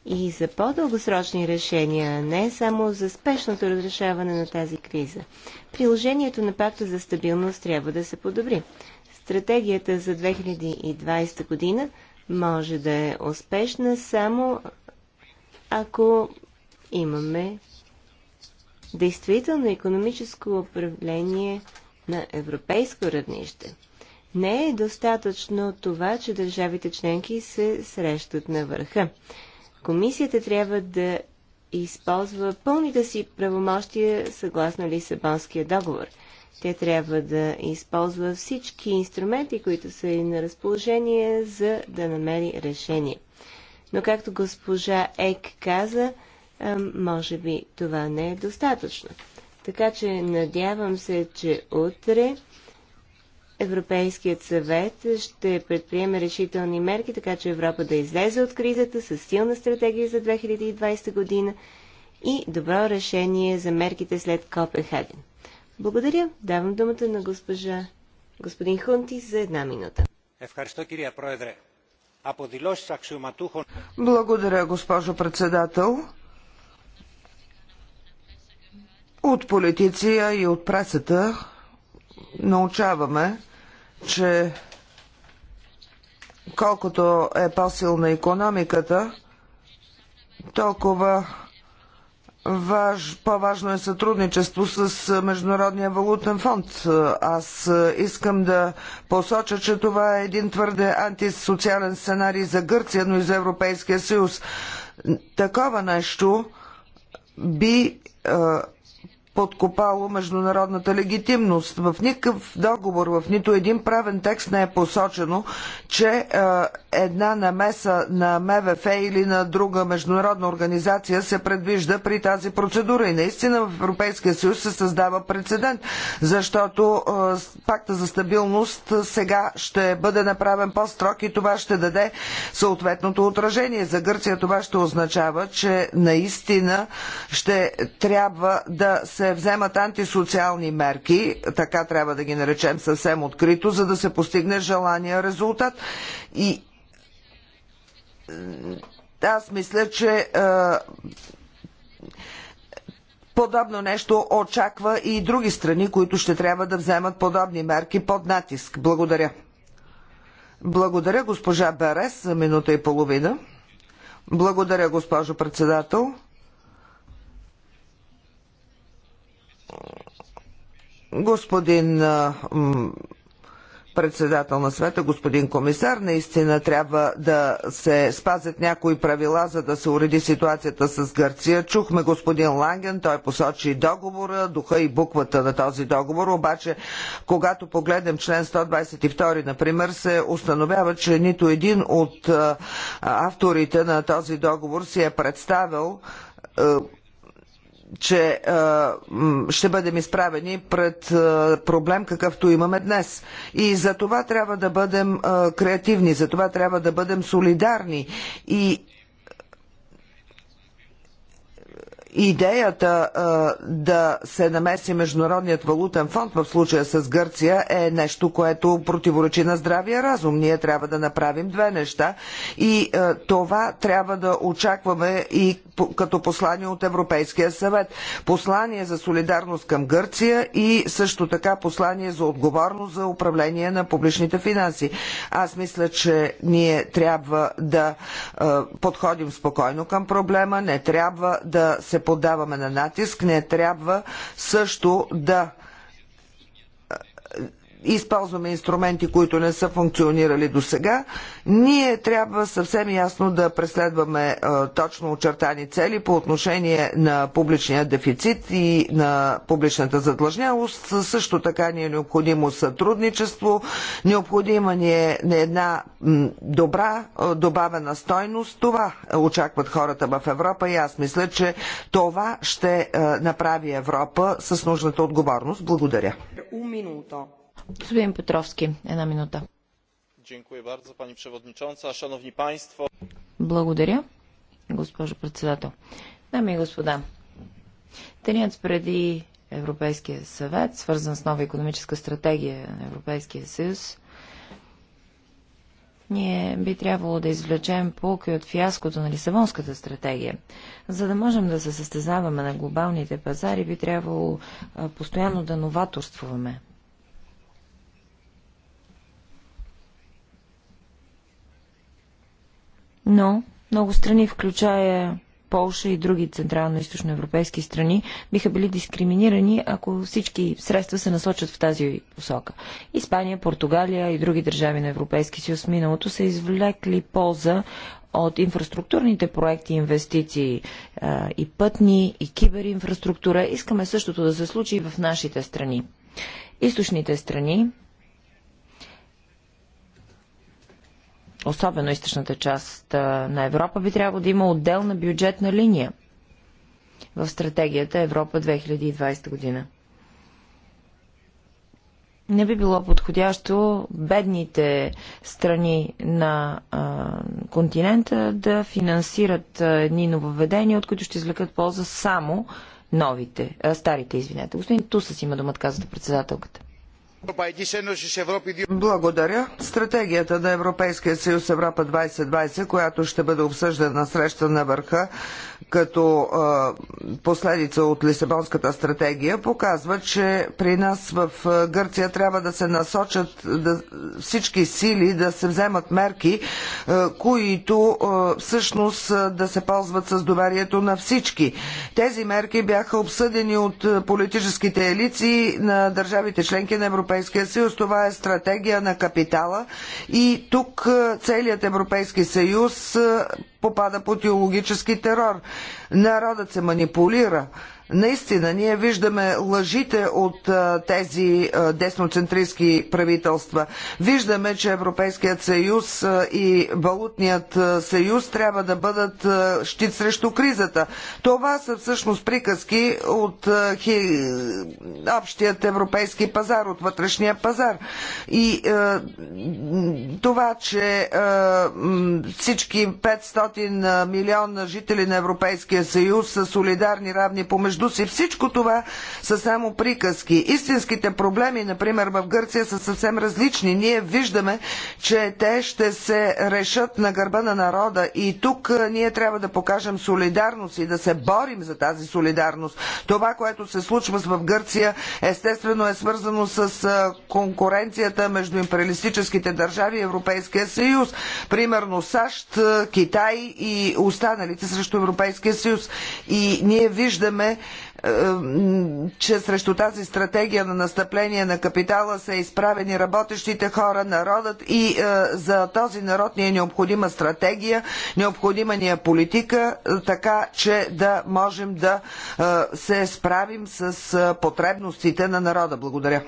и за по-дългосрочни решения, а не само за спешното разрешаване на тази криза. Приложението на пакта за стабилност трябва да се подобри. Стратегията за 2020 година може да е успешна само ако имаме действително економическо управление на европейско равнище. Не е достатъчно това, че държавите членки се срещат на върха. Комисията трябва да използва пълните си правомощия съгласно Лисабонския договор – те трябва да използва всички инструменти, които са и на разположение, за да намери решение. Но както госпожа Ек каза, може би това не е достатъчно. Така че надявам се, че утре Европейският съвет ще предприеме решителни мерки, така че Европа да излезе от кризата с силна стратегия за 2020 година и добро решение за мерките след Копенхаген. Благодаря. Давам думата на госпожа господин Хунти за една минута. Благодаря, госпожо председател. От политиция и от пресата научаваме, че колкото е по-силна економиката, толкова Важ, по-важно е сътрудничество с Международния валутен фонд. Аз искам да посоча, че това е един твърде антисоциален сценарий за Гърция, но и за Европейския съюз. Такова нещо би подкопало международната легитимност. В никакъв договор, в нито един правен текст не е посочено, че е, една намеса на МВФ или на друга международна организация се предвижда при тази процедура. И наистина в Европейския съюз се създава прецедент, защото е, пакта за стабилност сега ще бъде направен по-строг и това ще даде съответното отражение. За Гърция това ще означава, че наистина ще трябва да се се вземат антисоциални мерки, така трябва да ги наречем съвсем открито, за да се постигне желания резултат. И аз мисля, че Подобно нещо очаква и други страни, които ще трябва да вземат подобни мерки под натиск. Благодаря. Благодаря госпожа Берес за минута и половина. Благодаря госпожо председател. господин председател на света, господин комисар, наистина трябва да се спазят някои правила, за да се уреди ситуацията с Гърция. Чухме господин Ланген, той посочи договора, духа и буквата на този договор, обаче когато погледнем член 122, например, се установява, че нито един от авторите на този договор си е представил че е, ще бъдем изправени пред е, проблем, какъвто имаме днес. И за това трябва да бъдем е, креативни, за това трябва да бъдем солидарни и идеята да се намеси Международният валутен фонд в случая с Гърция е нещо, което противоречи на здравия разум. Ние трябва да направим две неща и това трябва да очакваме и като послание от Европейския съвет. Послание за солидарност към Гърция и също така послание за отговорност за управление на публичните финанси. Аз мисля, че ние трябва да подходим спокойно към проблема, не трябва да се поддаваме на натиск, не трябва също да използваме инструменти, които не са функционирали до сега, ние трябва съвсем ясно да преследваме е, точно очертани цели по отношение на публичния дефицит и на публичната задлъжнялост. Също така ни е необходимо сътрудничество, необходима ни е не една добра е, добавена стойност. Това очакват хората в Европа и аз мисля, че това ще е, направи Европа с нужната отговорност. Благодаря. Un minuto. Господин Петровски, една минута. Благодаря, госпожо председател. Дами и господа, денят преди Европейския съвет, свързан с нова економическа стратегия на Европейския съюз, ние би трябвало да извлечем полки от фиаското на Лисавонската стратегия. За да можем да се състезаваме на глобалните пазари, би трябвало постоянно да новаторствуваме. но много страни, включая Полша и други централно-источноевропейски страни, биха били дискриминирани, ако всички средства се насочат в тази посока. Испания, Португалия и други държави на Европейски съюз миналото са извлекли полза от инфраструктурните проекти, инвестиции а, и пътни, и киберинфраструктура. Искаме същото да се случи и в нашите страни. Източните страни особено източната част на Европа, би трябвало да има отделна бюджетна линия в стратегията Европа 2020 година. Не би било подходящо бедните страни на а, континента да финансират а, едни нововведения, от които ще извлекат полза само новите, а, старите, извинете. Господин Тусас има думата, казвате председателката. Благодаря. Стратегията на Европейския съюз Европа 2020, която ще бъде обсъждана на среща на върха като е, последица от Лисабонската стратегия, показва, че при нас в Гърция трябва да се насочат да, всички сили да се вземат мерки, е, които е, всъщност да се ползват с доверието на всички. Тези мерки бяха обсъдени от политическите елици на държавите членки на Европейския Европейския съюз. Това е стратегия на капитала и тук е, целият Европейски съюз е, попада под теологически терор. Народът се манипулира. Наистина, ние виждаме лъжите от тези десноцентристски правителства. Виждаме, че Европейският съюз и Валутният съюз трябва да бъдат щит срещу кризата. Това са всъщност приказки от хи... общият европейски пазар, от вътрешния пазар. И а, това, че а, всички 500 милиона жители на Европейския съюз са солидарни, равни помежду помежду си. Всичко това са само приказки. Истинските проблеми, например в Гърция, са съвсем различни. Ние виждаме, че те ще се решат на гърба на народа и тук ние трябва да покажем солидарност и да се борим за тази солидарност. Това, което се случва в Гърция, естествено е свързано с конкуренцията между империалистическите държави и Европейския съюз. Примерно САЩ, Китай и останалите срещу Европейския съюз. И ние виждаме, че срещу тази стратегия на настъпление на капитала са изправени работещите хора, народът и е, за този народ ни е необходима стратегия, необходима ни е политика, е, така че да можем да е, се справим с потребностите на народа. Благодаря.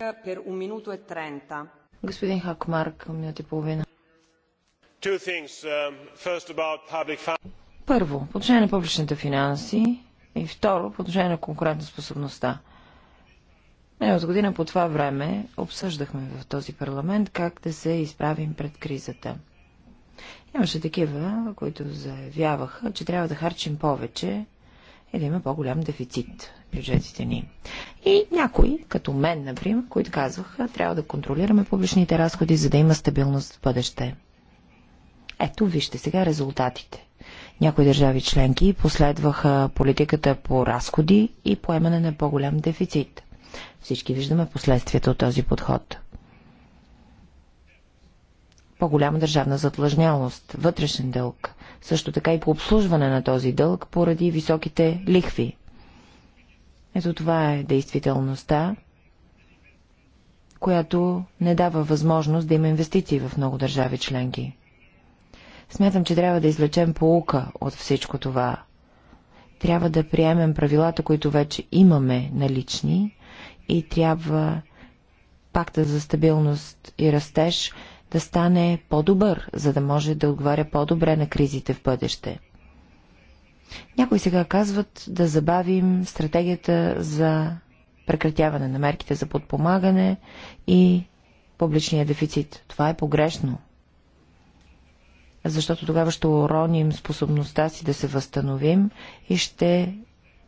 E Господин Хакмарк, минути и половина. Um, Първо, отношение на публичните финанси, и второ, по отношение на конкурентоспособността. Минус е, година по това време обсъждахме в този парламент как да се изправим пред кризата. Имаше такива, които заявяваха, че трябва да харчим повече и да има по-голям дефицит в бюджетите ни. И някои, като мен, например, които казваха, трябва да контролираме публичните разходи, за да има стабилност в бъдеще. Ето, вижте сега резултатите. Някои държави членки последваха политиката по разходи и поемане на по-голям дефицит. Всички виждаме последствията от този подход. По-голяма държавна задлъжнялост, вътрешен дълг, също така и по обслужване на този дълг поради високите лихви. Ето това е действителността, която не дава възможност да има инвестиции в много държави членки. Смятам, че трябва да извлечем поука от всичко това. Трябва да приемем правилата, които вече имаме налични и трябва пакта за стабилност и растеж да стане по-добър, за да може да отговаря по-добре на кризите в бъдеще. Някои сега казват да забавим стратегията за прекратяване на мерките за подпомагане и публичния дефицит. Това е погрешно защото тогава ще уроним способността си да се възстановим и ще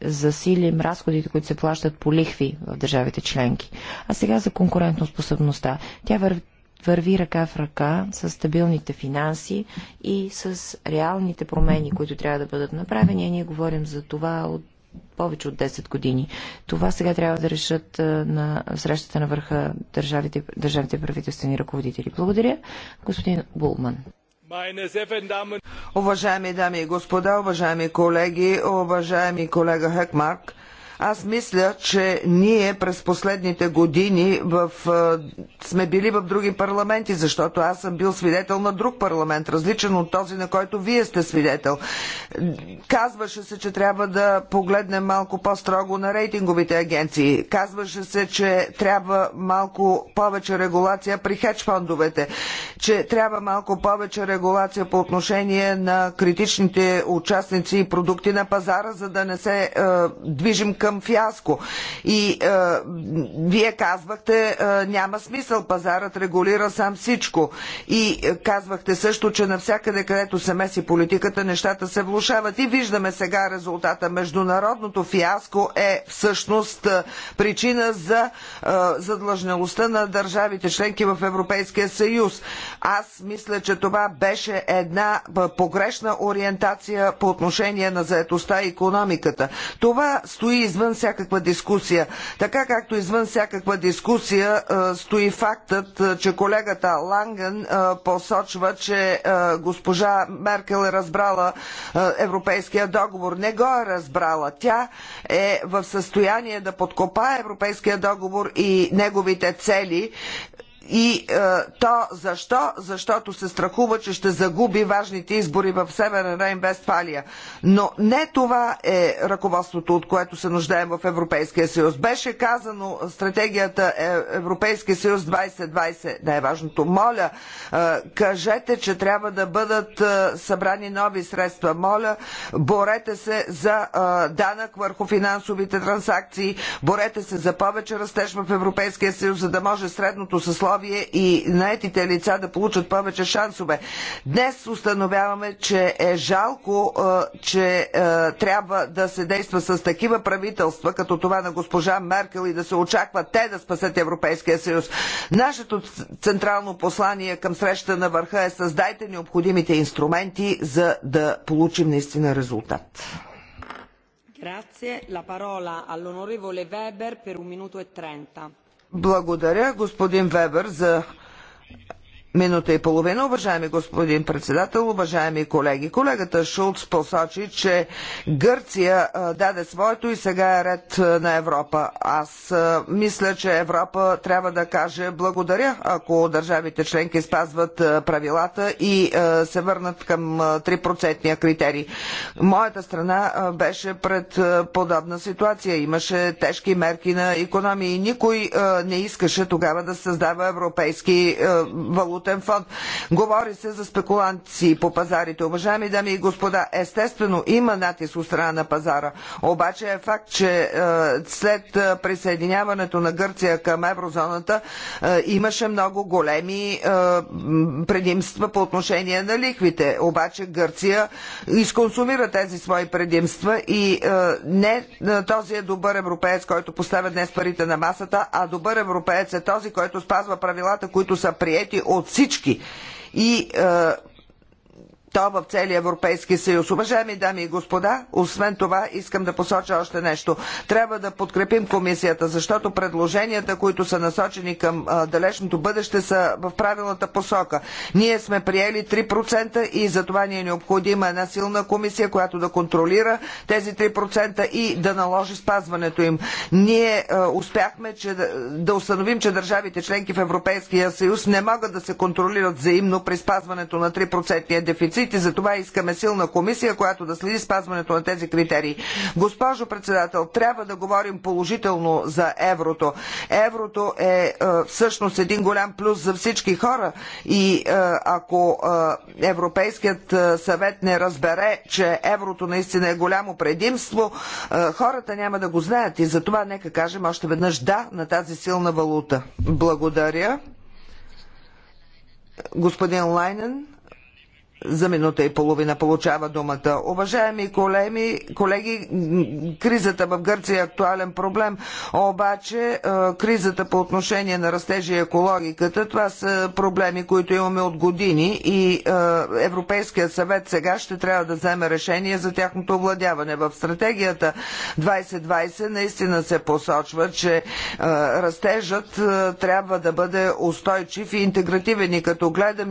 засилим разходите, които се плащат по лихви в държавите членки. А сега за конкурентно способността, Тя върви върви ръка в ръка с стабилните финанси и с реалните промени, които трябва да бъдат направени. А ние говорим за това от повече от 10 години. Това сега трябва да решат на срещата на върха държавите, държавите правителствени ръководители. Благодаря, господин Булман. Уважаеми дами и господа, уважаеми колеги, уважаеми колега Хекмарк, аз мисля, че ние през последните години в, сме били в други парламенти, защото аз съм бил свидетел на друг парламент, различен от този, на който вие сте свидетел. Казваше се, че трябва да погледнем малко по-строго на рейтинговите агенции. Казваше се, че трябва малко повече регулация при хедж фондовете, че трябва малко повече регулация по отношение на критичните участници и продукти на пазара, за да не се е, движим към към фиаско. И е, вие казвахте, е, няма смисъл, пазарът регулира сам всичко. И е, казвахте също, че навсякъде, където се меси политиката, нещата се влушават. И виждаме сега резултата. Международното фиаско е всъщност е, причина за е, задлъжнялостта на държавите членки в Европейския съюз. Аз мисля, че това беше една е, погрешна ориентация по отношение на заетостта и економиката. Това стои из извън всякаква дискусия. Така както извън всякаква дискусия стои фактът, че колегата Ланген посочва, че госпожа Меркел е разбрала европейския договор. Не го е разбрала. Тя е в състояние да подкопае европейския договор и неговите цели и е, то защо? Защото се страхува, че ще загуби важните избори в Северен Рейн Вестфалия. Но не това е ръководството, от което се нуждаем в Европейския съюз. Беше казано стратегията е Европейския съюз 2020. Най-важното. Моля, е, кажете, че трябва да бъдат е, събрани нови средства. Моля, борете се за е, данък върху финансовите транзакции. Борете се за повече растеж в Европейския съюз, за да може средното съсловие условие и наетите лица да получат повече шансове. Днес установяваме, че е жалко, е, че е, трябва да се действа с такива правителства, като това на госпожа Меркел и да се очаква те да спасят Европейския съюз. Нашето централно послание към среща на върха е създайте необходимите инструменти, за да получим наистина резултат. Grazie. La parola all'onorevole Weber per un minuto e trenta. Благодаря, господин Вебер, за Минута и половина, уважаеми господин председател, уважаеми колеги. Колегата Шулц посочи, че Гърция даде своето и сега е ред на Европа. Аз мисля, че Европа трябва да каже благодаря, ако държавите членки спазват правилата и се върнат към 3% критерий. Моята страна беше пред подобна ситуация. Имаше тежки мерки на економии. Никой не искаше тогава да създава европейски валути валутен фонд. Говори се за спекуланции по пазарите. Уважаеми дами и господа, естествено има натиск от страна на пазара. Обаче е факт, че е, след е, присъединяването на Гърция към еврозоната е, имаше много големи предимства по отношение на лихвите. Обаче Гърция изконсумира тези свои предимства и не този е добър европеец, който поставя днес парите на масата, а добър европеец е този, който спазва правилата, които са приети от от всички. И то в целия Европейски съюз. Уважаеми дами и господа, освен това искам да посоча още нещо. Трябва да подкрепим комисията, защото предложенията, които са насочени към далечното бъдеще, са в правилната посока. Ние сме приели 3% и за това ни е необходима една силна комисия, която да контролира тези 3% и да наложи спазването им. Ние успяхме че, да установим, че държавите членки в Европейския съюз не могат да се контролират взаимно при спазването на 3% дефицит критериите, затова искаме силна комисия, която да следи спазването на тези критерии. Госпожо председател, трябва да говорим положително за еврото. Еврото е, е всъщност един голям плюс за всички хора и е, ако е, Европейският съвет не разбере, че еврото наистина е голямо предимство, хората няма да го знаят и затова нека кажем още веднъж да на тази силна валута. Благодаря. Господин Лайнен, за минута и половина получава думата. Уважаеми колеги, колеги, кризата в Гърция е актуален проблем, обаче е, кризата по отношение на растежа и екологиката, това са проблеми, които имаме от години и е, Европейският съвет сега ще трябва да вземе решение за тяхното овладяване. В стратегията 2020 наистина се посочва, че е, растежът трябва да бъде устойчив и интегративен и като гледам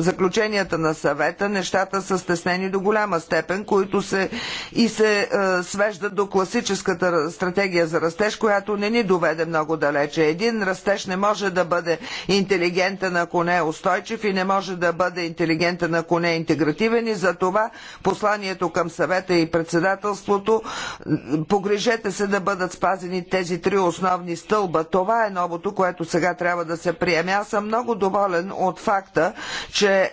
заключенията на съвет, съвета нещата са стеснени до голяма степен, които се и се е, свеждат до класическата стратегия за растеж, която не ни доведе много далече. Един растеж не може да бъде интелигентен, ако не е устойчив и не може да бъде интелигентен, ако не е интегративен и за това посланието към съвета и председателството погрежете се да бъдат спазени тези три основни стълба. Това е новото, което сега трябва да се приеме. Аз съм много доволен от факта, че е,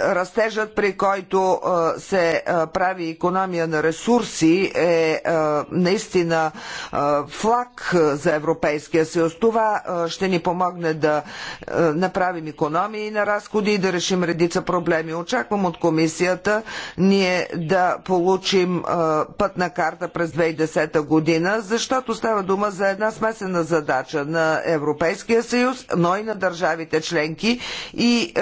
растежът, при който се прави економия на ресурси, е наистина флаг за Европейския съюз. Това ще ни помогне да направим економии на разходи и да решим редица проблеми. Очаквам от комисията ние да получим пътна карта през 2010 година, защото става дума за една смесена задача на Европейския съюз, но и на държавите членки и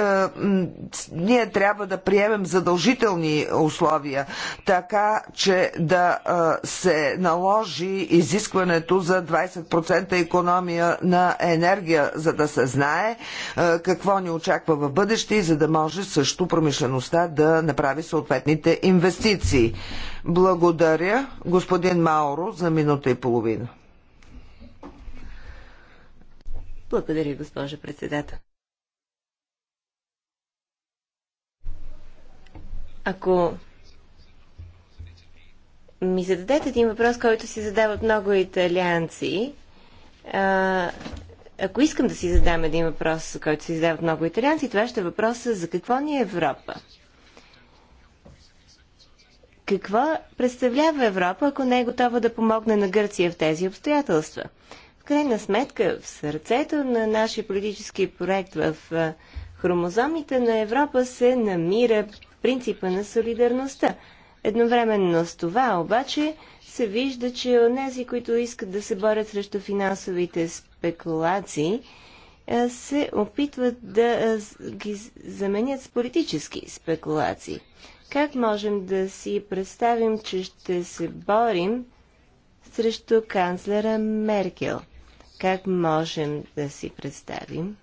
ние трябва да приемем задължителни условия, така че да се наложи изискването за 20% економия на енергия, за да се знае какво ни очаква в бъдеще и за да може също промишлеността да направи съответните инвестиции. Благодаря, господин Мауро, за минута и половина. Благодаря, госпожа председател. Ако ми зададете един въпрос, който си задават много италианци, а, ако искам да си задам един въпрос, който си задават много италианци, това ще е въпроса за какво ни е Европа. Какво представлява Европа, ако не е готова да помогне на Гърция в тези обстоятелства? В крайна сметка, в сърцето на нашия политически проект в хромозомите на Европа се намира принципа на солидарността. Едновременно с това обаче се вижда, че онези, които искат да се борят срещу финансовите спекулации, е, се опитват да е, ги заменят с политически спекулации. Как можем да си представим, че ще се борим срещу канцлера Меркел? Как можем да си представим?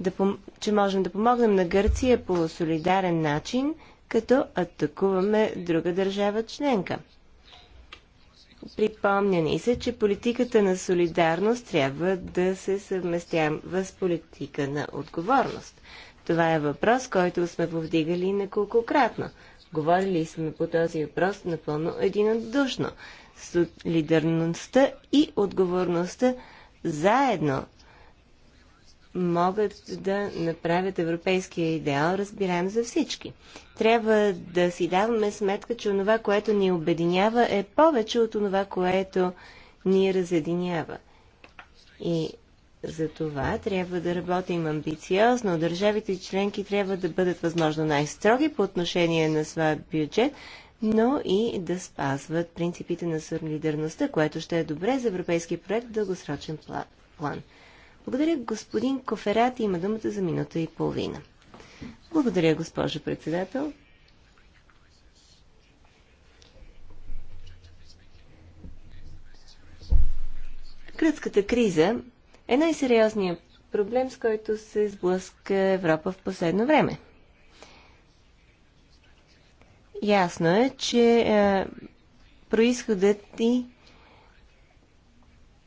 да, че можем да помогнем на Гърция по солидарен начин, като атакуваме друга държава членка. Припомня ни се, че политиката на солидарност трябва да се съвместява с политика на отговорност. Това е въпрос, който сме повдигали неколкократно. Говорили сме по този въпрос напълно единодушно. Солидарността и отговорността заедно могат да направят европейския идеал разбираем за всички. Трябва да си даваме сметка, че онова, което ни обединява, е повече от онова, което ни разединява. И за това трябва да работим амбициозно. Държавите и членки трябва да бъдат възможно най-строги по отношение на своя бюджет, но и да спазват принципите на солидарността, което ще е добре за европейския проект в дългосрочен план. Благодаря, господин Коферат. Има думата за минута и половина. Благодаря, госпожо председател. Кръцката криза е най-сериозният проблем, с който се сблъска Европа в последно време. Ясно е, че е, происходът и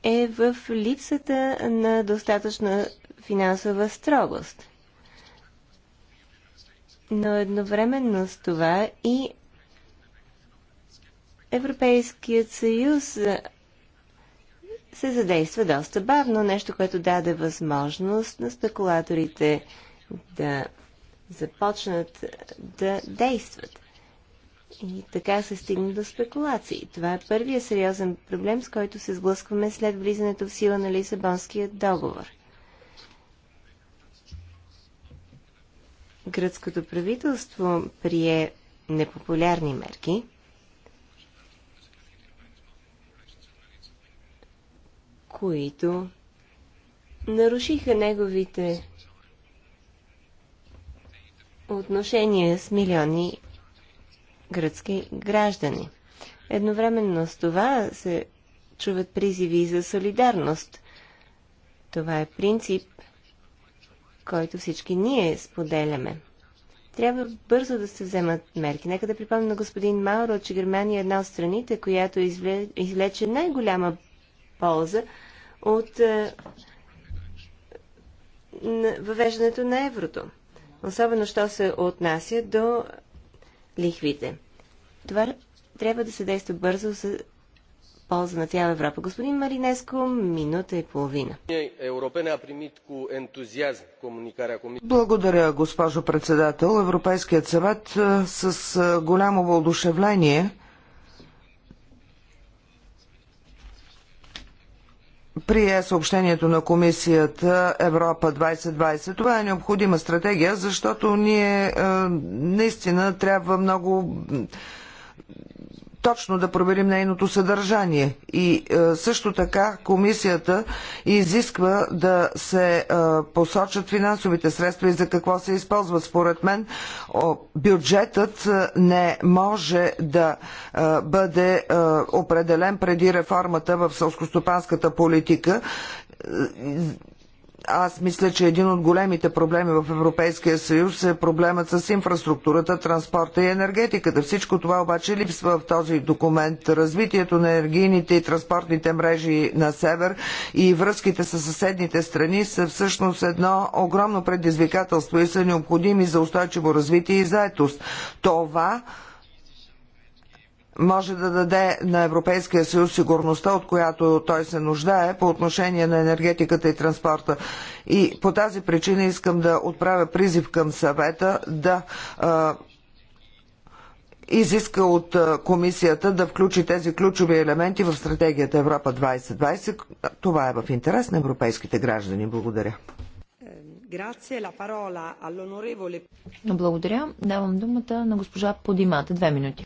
е в липсата на достатъчна финансова строгост. Но едновременно с това и Европейският съюз се задейства доста бавно, нещо, което даде възможност на спекулаторите да започнат да действат. И така се стигна до спекулации. Това е първия сериозен проблем, с който се сблъскваме след влизането в сила на Лисабонския договор. Гръцкото правителство прие непопулярни мерки. които нарушиха неговите отношения с милиони гръцки граждани. Едновременно с това се чуват призиви за солидарност. Това е принцип, който всички ние споделяме. Трябва бързо да се вземат мерки. Нека да припомня на господин Мауро, че Германия е една от страните, която излече най-голяма полза от е, въвеждането на еврото. Особено, що се отнася до лихвите. Това трябва да се действа бързо за полза на цяла Европа. Господин Маринеско, минута и половина. Благодаря, госпожо председател. Европейският съвет с голямо въодушевление прие съобщението на комисията Европа 2020. Това е необходима стратегия, защото ние е, наистина трябва много точно да проверим нейното съдържание. И е, също така комисията изисква да се е, посочат финансовите средства и за какво се използват. Според мен бюджетът е, не може да бъде определен преди реформата в сълскостопанската политика аз мисля, че един от големите проблеми в Европейския съюз е проблемът с инфраструктурата, транспорта и енергетиката. Всичко това обаче липсва в този документ. Развитието на енергийните и транспортните мрежи на север и връзките с съседните страни са всъщност едно огромно предизвикателство и са необходими за устойчиво развитие и заетост. Това може да даде на Европейския съюз сигурността, от която той се нуждае по отношение на енергетиката и транспорта. И по тази причина искам да отправя призив към съвета да изиска от комисията да включи тези ключови елементи в стратегията Европа 2020. Това е в интерес на европейските граждани. Благодаря. Благодаря. Давам думата на госпожа Подимата. Две минути.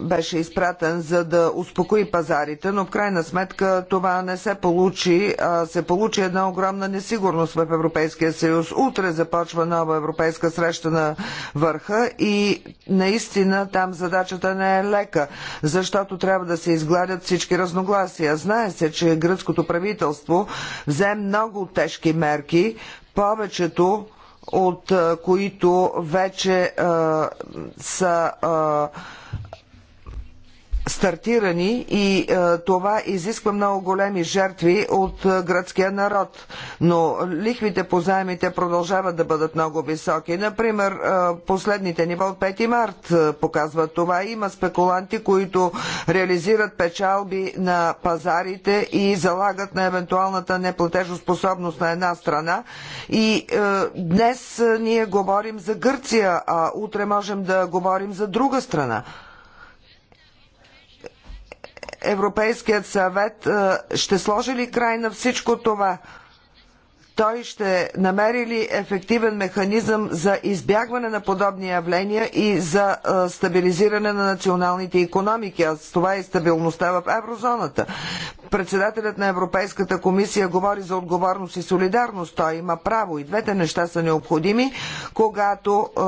беше изпратен за да успокои пазарите, но в крайна сметка това не се получи, а се получи една огромна несигурност в Европейския съюз. Утре започва нова европейска среща на върха и наистина там задачата не е лека, защото трябва да се изгладят всички разногласия. Знае се, че гръцкото правителство взе много тежки мерки, повечето от които вече са стартирани и е, това изисква много големи жертви от е, гръцкия народ. Но лихвите по заемите продължават да бъдат много високи. Например, е, последните нива от 5 март е, показват това. Има спекуланти, които реализират печалби на пазарите и залагат на евентуалната неплатежоспособност на една страна. И е, днес е, ние говорим за Гърция, а утре можем да говорим за друга страна. Европейският съвет е, ще сложи ли край на всичко това? той ще намери ли ефективен механизъм за избягване на подобни явления и за стабилизиране на националните економики, а с това и стабилността в еврозоната? Председателят на Европейската комисия говори за отговорност и солидарност. Той има право. И двете неща са необходими, когато е,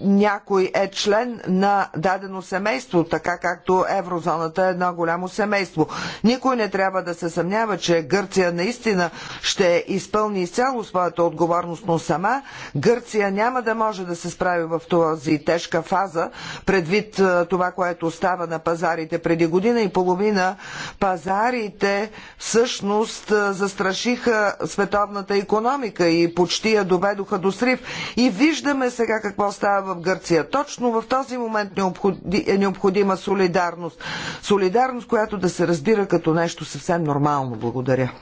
някой е член на дадено семейство, така както еврозоната е едно голямо семейство. Никой не трябва да се съмнява, че Гърция наистина ще изпълнява изпълни изцяло своята отговорност, но сама Гърция няма да може да се справи в този тежка фаза, предвид това, което става на пазарите. Преди година и половина пазарите всъщност застрашиха световната економика и почти я доведоха до срив. И виждаме сега какво става в Гърция. Точно в този момент е необходима солидарност. Солидарност, която да се разбира като нещо съвсем нормално. Благодаря.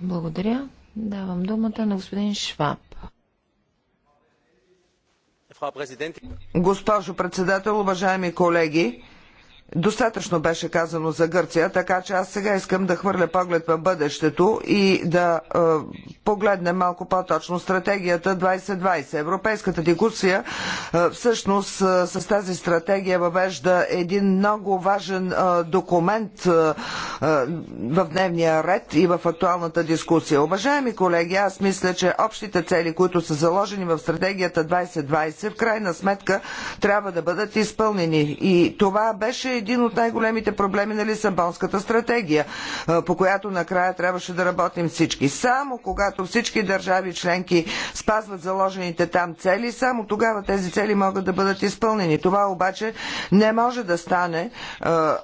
Благодаря. Давам думата на господин Шваб. Госпожо председател, уважаеми колеги, Достатъчно беше казано за Гърция, така че аз сега искам да хвърля поглед в бъдещето и да е, погледнем малко по-точно стратегията 2020. Европейската дискусия е, всъщност е, с тази стратегия въвежда един много важен е, документ е, е, в дневния ред и в актуалната дискусия. Уважаеми колеги, аз мисля, че общите цели, които са заложени в стратегията 2020, в крайна сметка трябва да бъдат изпълнени. И това беше един от най-големите проблеми на Лисабонската стратегия, по която накрая трябваше да работим всички. Само когато всички държави членки спазват заложените там цели, само тогава тези цели могат да бъдат изпълнени. Това обаче не може да стане,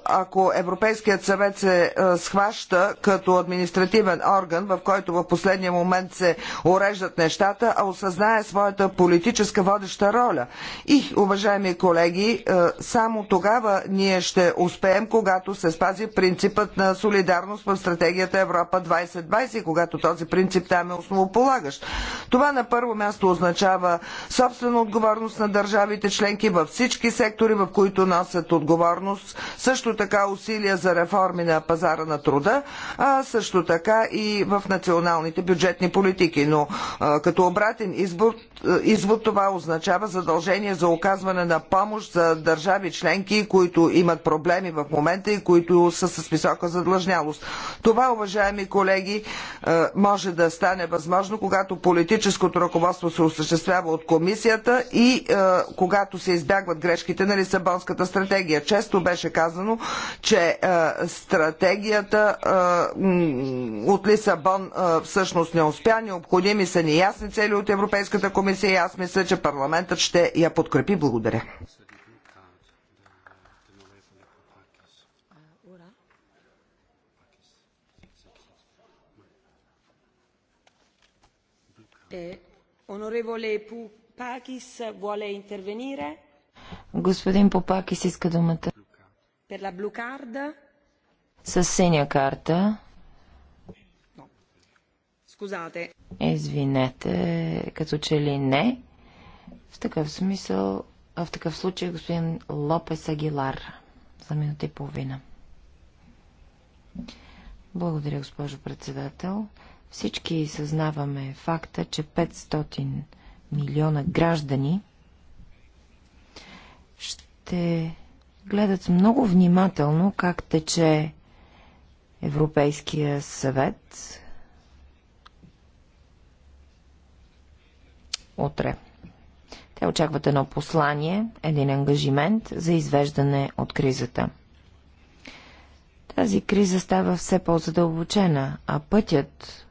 ако Европейският съвет се схваща като административен орган, в който в последния момент се уреждат нещата, а осъзнае своята политическа водеща роля. И, уважаеми колеги, само тогава ние ще успеем, когато се спази принципът на солидарност в стратегията Европа 2020, когато този принцип там е основополагащ. Това на първо място означава собствена отговорност на държавите членки във всички сектори, в които носят отговорност, също така усилия за реформи на пазара на труда, а също така и в националните бюджетни политики. Но като обратен избор, извод това означава задължение за оказване на помощ за държави членки, които имат имат проблеми в момента и които са с висока задлъжнялост. Това, уважаеми колеги, е, може да стане възможно, когато политическото ръководство се осъществява от комисията и е, когато се избягват грешките на Лисабонската стратегия. Често беше казано, че е, стратегията от Лисабон всъщност не успя. Необходими са ни ясни цели от Европейската комисия и аз мисля, че парламентът ще я подкрепи. Благодаря. Е, Онореволе Пакис, воле Господин Попакис иска думата. Per la card? С синя карта. Скузате. Извинете, като че ли не. В такъв смисъл, в такъв случай господин Лопес Агилар за минута и половина. Благодаря, госпожо председател. Всички съзнаваме факта, че 500 милиона граждани ще гледат много внимателно как тече Европейския съвет утре. Те очакват едно послание, един ангажимент за извеждане от кризата. Тази криза става все по-задълбочена, а пътят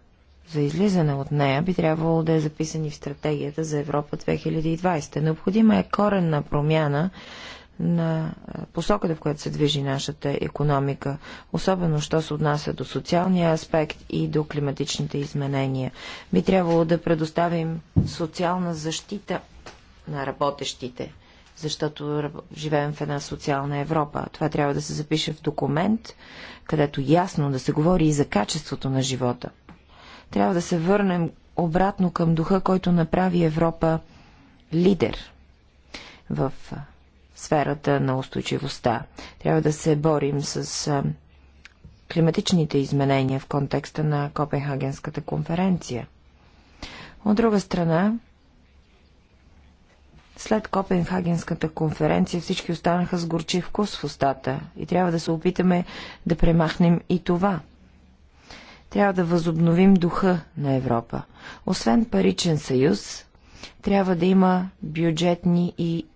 за излизане от нея би трябвало да е записани в стратегията за Европа 2020. Необходима е коренна промяна на посоката, в която се движи нашата економика, особено що се отнася до социалния аспект и до климатичните изменения. Би трябвало да предоставим социална защита на работещите, защото живеем в една социална Европа. Това трябва да се запише в документ, където ясно да се говори и за качеството на живота – трябва да се върнем обратно към духа, който направи Европа лидер в сферата на устойчивостта. Трябва да се борим с климатичните изменения в контекста на Копенхагенската конференция. От друга страна, след Копенхагенската конференция всички останаха с горчив вкус в устата и трябва да се опитаме да премахнем и това – трябва да възобновим духа на Европа. Освен паричен съюз, трябва да има бюджетни и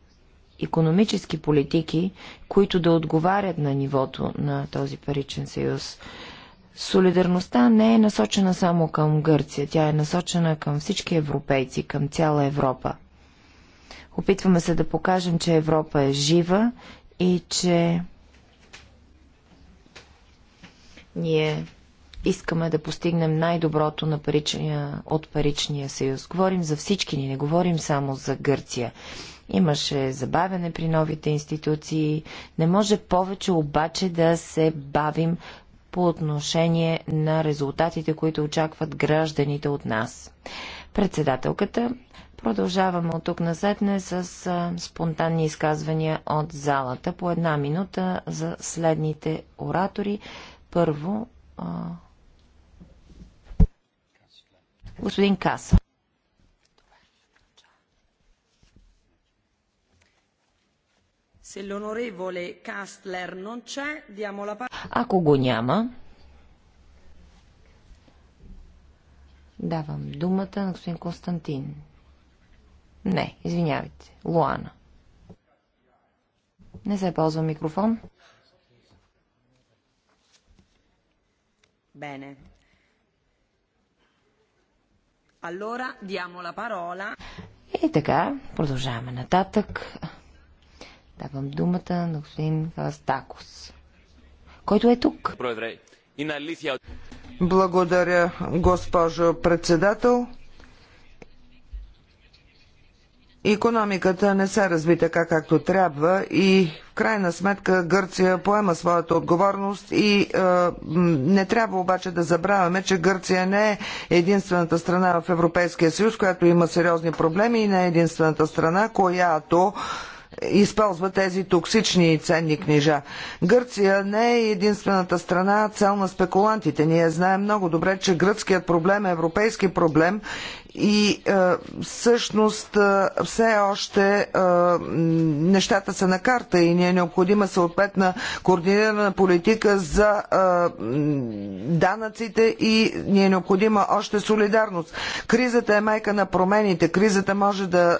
економически политики, които да отговарят на нивото на този паричен съюз. Солидарността не е насочена само към Гърция, тя е насочена към всички европейци, към цяла Европа. Опитваме се да покажем, че Европа е жива и че ние искаме да постигнем най-доброто на паричния, от паричния съюз. Говорим за всички ни, не говорим само за Гърция. Имаше забавяне при новите институции. Не може повече обаче да се бавим по отношение на резултатите, които очакват гражданите от нас. Председателката, продължаваме от тук насетне с спонтанни изказвания от залата по една минута за следните оратори. Първо, Господин Каса. Ако го няма, давам думата на господин Константин. Не, извинявайте, Луана. Не се ползва микрофон. Бене. Allora diamo la И така, продължаваме нататък. Давам думата на господин Стакос, който е тук. Благодаря, госпожо председател. Економиката не се разви така както трябва и в крайна сметка Гърция поема своята отговорност и е, не трябва обаче да забравяме, че Гърция не е единствената страна в Европейския съюз, която има сериозни проблеми и не е единствената страна, която използва тези токсични и ценни книжа. Гърция не е единствената страна цел на спекулантите. Ние знаем много добре, че гръцкият проблем е европейски проблем и а, е, всъщност а, е, все още а, е, нещата са на карта и ни е необходима съответна координирана политика за а, данъците и ни е необходима още солидарност. Кризата е майка на промените. Кризата може да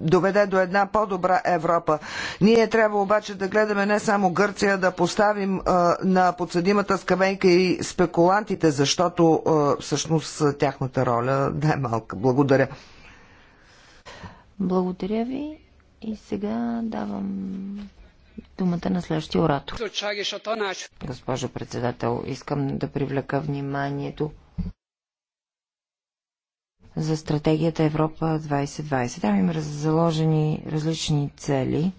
доведе до една по-добра Европа. Ние трябва обаче да гледаме не само Гърция, да поставим а, на подсъдимата скамейка и спекулантите, защото а, всъщност тяхната роля да е малко малка. Благодаря. Благодаря ви. И сега давам думата на следващия оратор. Госпожо председател, искам да привлека вниманието за стратегията Европа 2020. Там има заложени различни цели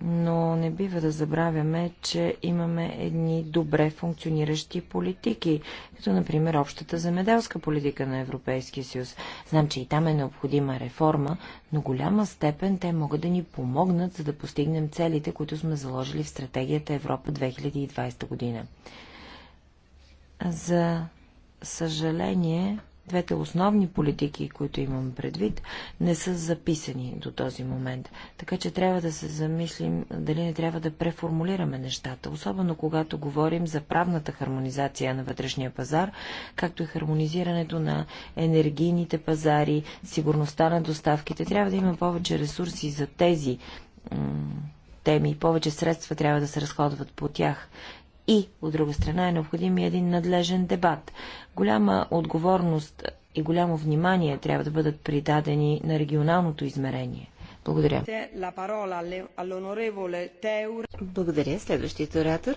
но не бива да забравяме, че имаме едни добре функциониращи политики, като например общата земеделска политика на Европейския съюз. Знам, че и там е необходима реформа, но голяма степен те могат да ни помогнат, за да постигнем целите, които сме заложили в стратегията Европа 2020 година. За съжаление, Двете основни политики, които имам предвид, не са записани до този момент. Така че трябва да се замислим дали не трябва да преформулираме нещата, особено когато говорим за правната хармонизация на вътрешния пазар, както и хармонизирането на енергийните пазари, сигурността на доставките. Трябва да има повече ресурси за тези теми и повече средства трябва да се разходват по тях и, от друга страна, е необходим и един надлежен дебат. Голяма отговорност и голямо внимание трябва да бъдат придадени на регионалното измерение. Благодаря. Благодаря. Следващият оратор.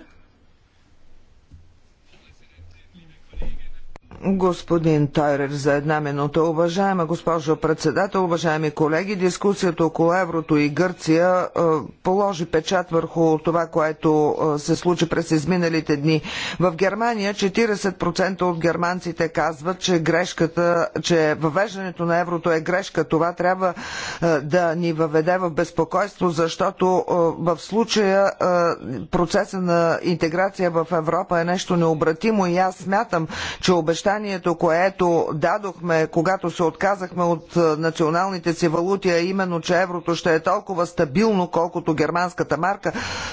Господин Тойрер за една минута. Уважаема госпожо председател, уважаеми колеги, дискусията около еврото и Гърция е, положи печат върху това, което е, се случи през изминалите дни. В Германия 40% от германците казват, че грешката, че въвеждането на еврото е грешка. Това трябва е, да ни въведе в безпокойство, защото в случая процеса на интеграция в Европа е нещо необратимо и аз смятам, че обещавам обещанието, което дадохме, когато се отказахме от е, националните си валути, а именно, че еврото ще е толкова стабилно, колкото германската марка,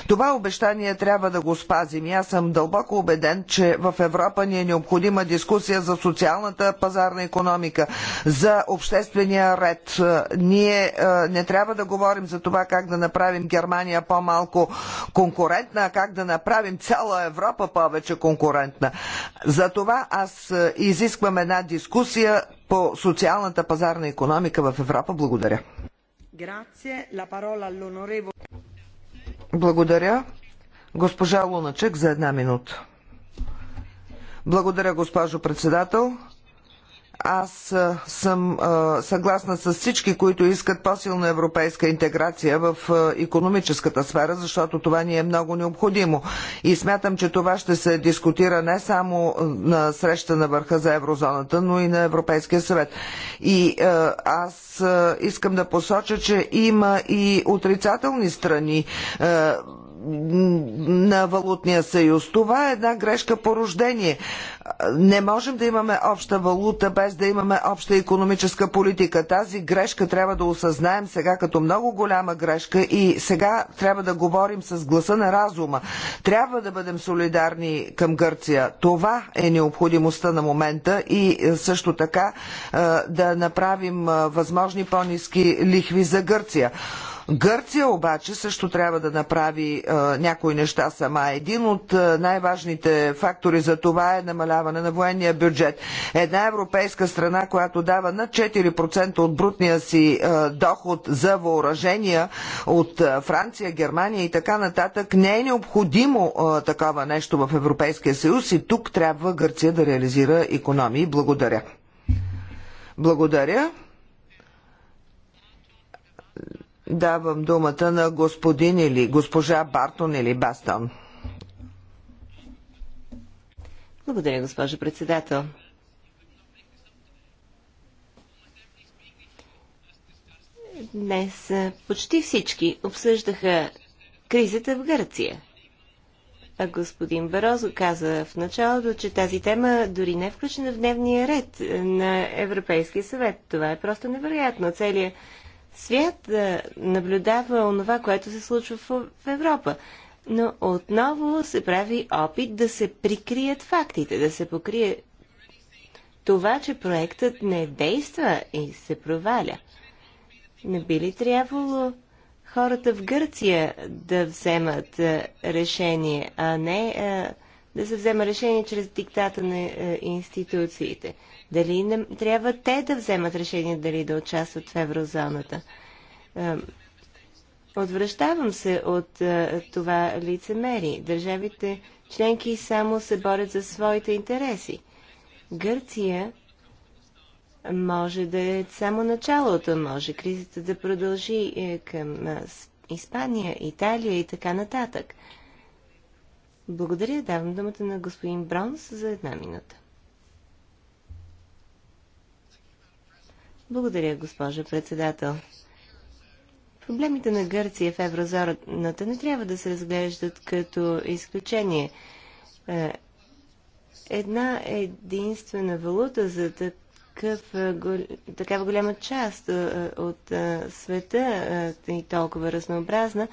това обещание трябва да го спазим. И аз съм дълбоко убеден, че в Европа ни е необходима дискусия за социалната пазарна економика, за обществения ред. Е, ние е, не трябва да говорим за това как да направим Германия по-малко конкурентна, а как да направим цяла Европа повече конкурентна. Затова аз изискваме една дискусия по социалната пазарна економика в Европа. Благодаря. Благодаря. Госпожа Луначек за една минута. Благодаря, госпожо председател. Аз съм съгласна с всички, които искат по-силна европейска интеграция в економическата сфера, защото това ни е много необходимо. И смятам, че това ще се дискутира не само на среща на върха за еврозоната, но и на Европейския съвет. И аз искам да посоча, че има и отрицателни страни на валутния съюз. Това е една грешка по рождение. Не можем да имаме обща валута без да имаме обща економическа политика. Тази грешка трябва да осъзнаем сега като много голяма грешка и сега трябва да говорим с гласа на разума. Трябва да бъдем солидарни към Гърция. Това е необходимостта на момента и е, също така е, да направим е, възможни по-низки лихви за Гърция. Гърция обаче също трябва да направи а, някои неща сама. Един от а, най-важните фактори за това е намаляване на военния бюджет. Една европейска страна, която дава над 4% от брутния си а, доход за въоръжения от Франция, Германия и така нататък, не е необходимо такова нещо в Европейския съюз и тук трябва Гърция да реализира економии. Благодаря. Благодаря. Давам думата на господин или госпожа Бартон или Бастон. Благодаря, госпожо председател. Днес почти всички обсъждаха кризата в Гърция. А господин Барозо каза в началото, че тази тема дори не е включена в дневния ред на Европейския съвет. Това е просто невероятно. Целият свят да наблюдава онова, което се случва в Европа. Но отново се прави опит да се прикрият фактите, да се покрие това, че проектът не действа и се проваля. Не би ли трябвало хората в Гърция да вземат решение, а не а, да се взема решение чрез диктата на е, институциите? Дали не, трябва те да вземат решение дали да участват в еврозоната? Отвръщавам се от е, това лицемери. Държавите членки само се борят за своите интереси. Гърция може да е само началото, може кризата да продължи е, към е, Испания, Италия и така нататък. Благодаря. Давам думата на господин Бронс за една минута. Благодаря, госпожа председател. Проблемите на Гърция в еврозоната не трябва да се разглеждат като изключение. Е, една единствена валута за такъв такъв, такава голяма част от света и толкова разнообразна,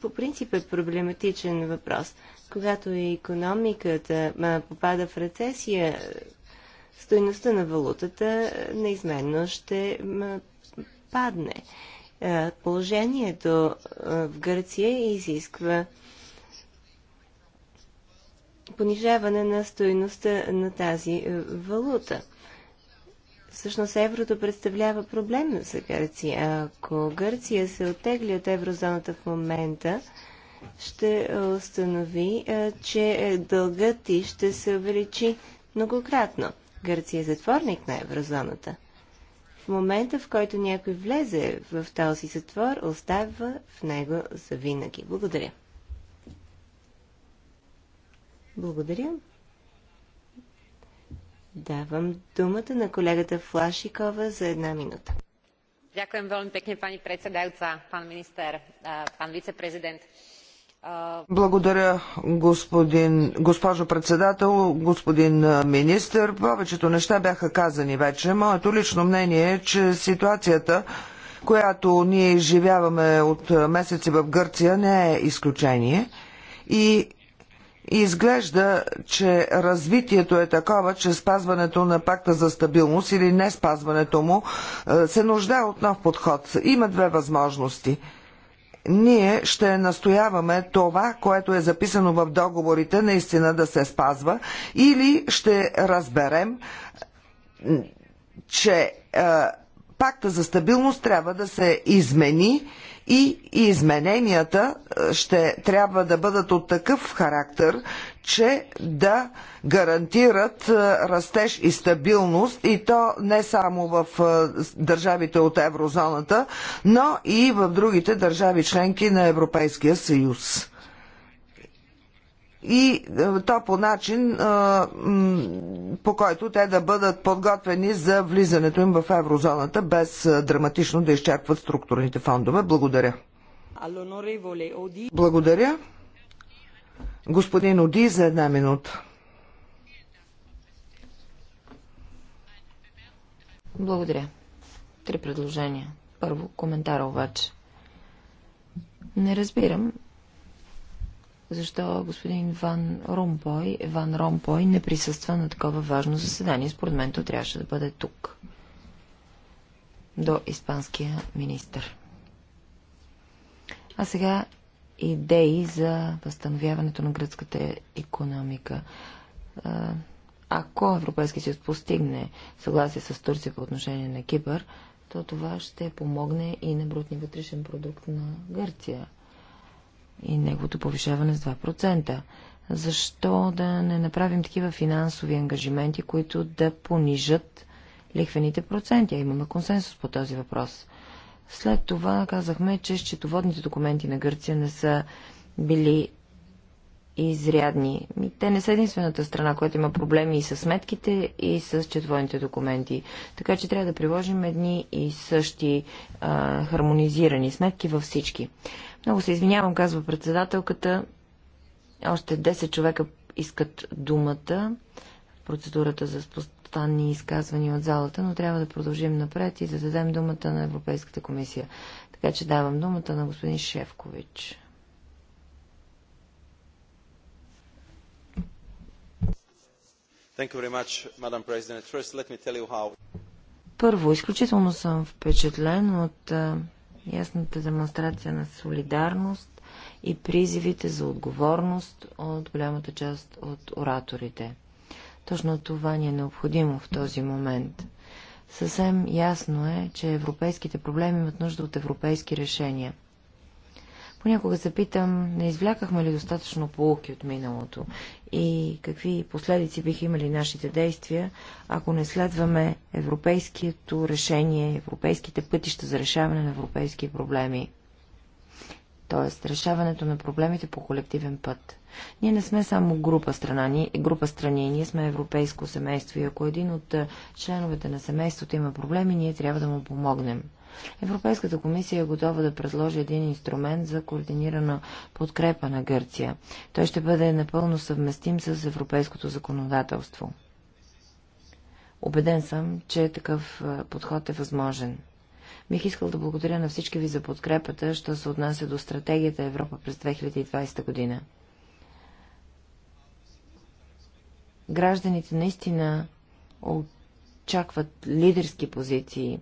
по принцип е проблематичен въпрос. Когато е и економиката попада в рецесия, стоеността на валутата неизменно ще падне. Положението в Гърция изисква понижаване на стоеността на тази валута. Всъщност еврото представлява проблем за Гърция. Ако Гърция се оттегли от еврозоната в момента, ще установи, че е, дългът ти ще се увеличи многократно. Гърция е затворник на еврозоната. В момента, в който някой влезе в този затвор, остава в него завинаги. Благодаря. Благодаря. Давам думата на колегата Флашикова за една минута. Ďakujem veľmi pekne, pani predsedajúca, pán minister, pán viceprezident. Благодаря, господин, госпожо председател, господин министр. Повечето неща бяха казани вече. Моето лично мнение е, че ситуацията, която ние изживяваме от месеци в Гърция, не е изключение. И Изглежда, че развитието е такова, че спазването на пакта за стабилност или не спазването му е, се нуждае от нов подход. Има две възможности ние ще настояваме това, което е записано в договорите, наистина да се спазва, или ще разберем, че е, пакта за стабилност трябва да се измени и измененията е, ще трябва да бъдат от такъв характер, че да гарантират е, растеж и стабилност и то не само в е, държавите от еврозоната, но и в другите държави членки на Европейския съюз и е, то по начин, е, по който те да бъдат подготвени за влизането им в еврозоната, без е, драматично да изчерпват структурните фондове. Благодаря. Благодаря. Господин Оди за една минута. Благодаря. Три предложения. Първо, коментар обаче. Не разбирам защо господин Ван Ромпой, Ван Ромпой не присъства на такова важно заседание. Според мен то трябваше да бъде тук. До испанския министр. А сега идеи за възстановяването на гръцката економика. Ако Европейския съюз постигне съгласие с Турция по отношение на Кипър, то това ще помогне и на брутния вътрешен продукт на Гърция и неговото повишаване с 2%. Защо да не направим такива финансови ангажименти, които да понижат лихвените проценти? А имаме консенсус по този въпрос. След това казахме, че счетоводните документи на Гърция не са били изрядни. Те не са единствената страна, която има проблеми и с сметките, и с четвойните документи. Така че трябва да приложим едни и същи а, хармонизирани сметки във всички. Много се извинявам, казва председателката. Още 10 човека искат думата. Процедурата за спостанни изказвания от залата, но трябва да продължим напред и да дадем думата на Европейската комисия. Така че давам думата на господин Шевкович. Първо, изключително съм впечатлен от ясната демонстрация на солидарност и призивите за отговорност от голямата част от ораторите. Точно това ни е необходимо в този момент. Съвсем ясно е, че европейските проблеми имат нужда от европейски решения. Понякога се питам, не извлякахме ли достатъчно полуки от миналото и какви последици бих имали нашите действия, ако не следваме европейското решение, европейските пътища за решаване на европейски проблеми. Тоест, решаването на проблемите по колективен път. Ние не сме само група, страна, ние, група страни, ние сме европейско семейство и ако един от членовете на семейството има проблеми, ние трябва да му помогнем. Европейската комисия е готова да предложи един инструмент за координирана подкрепа на Гърция. Той ще бъде напълно съвместим с европейското законодателство. Обеден съм, че такъв подход е възможен. Бих искал да благодаря на всички ви за подкрепата, що се отнася до стратегията Европа през 2020 година. Гражданите наистина очакват лидерски позиции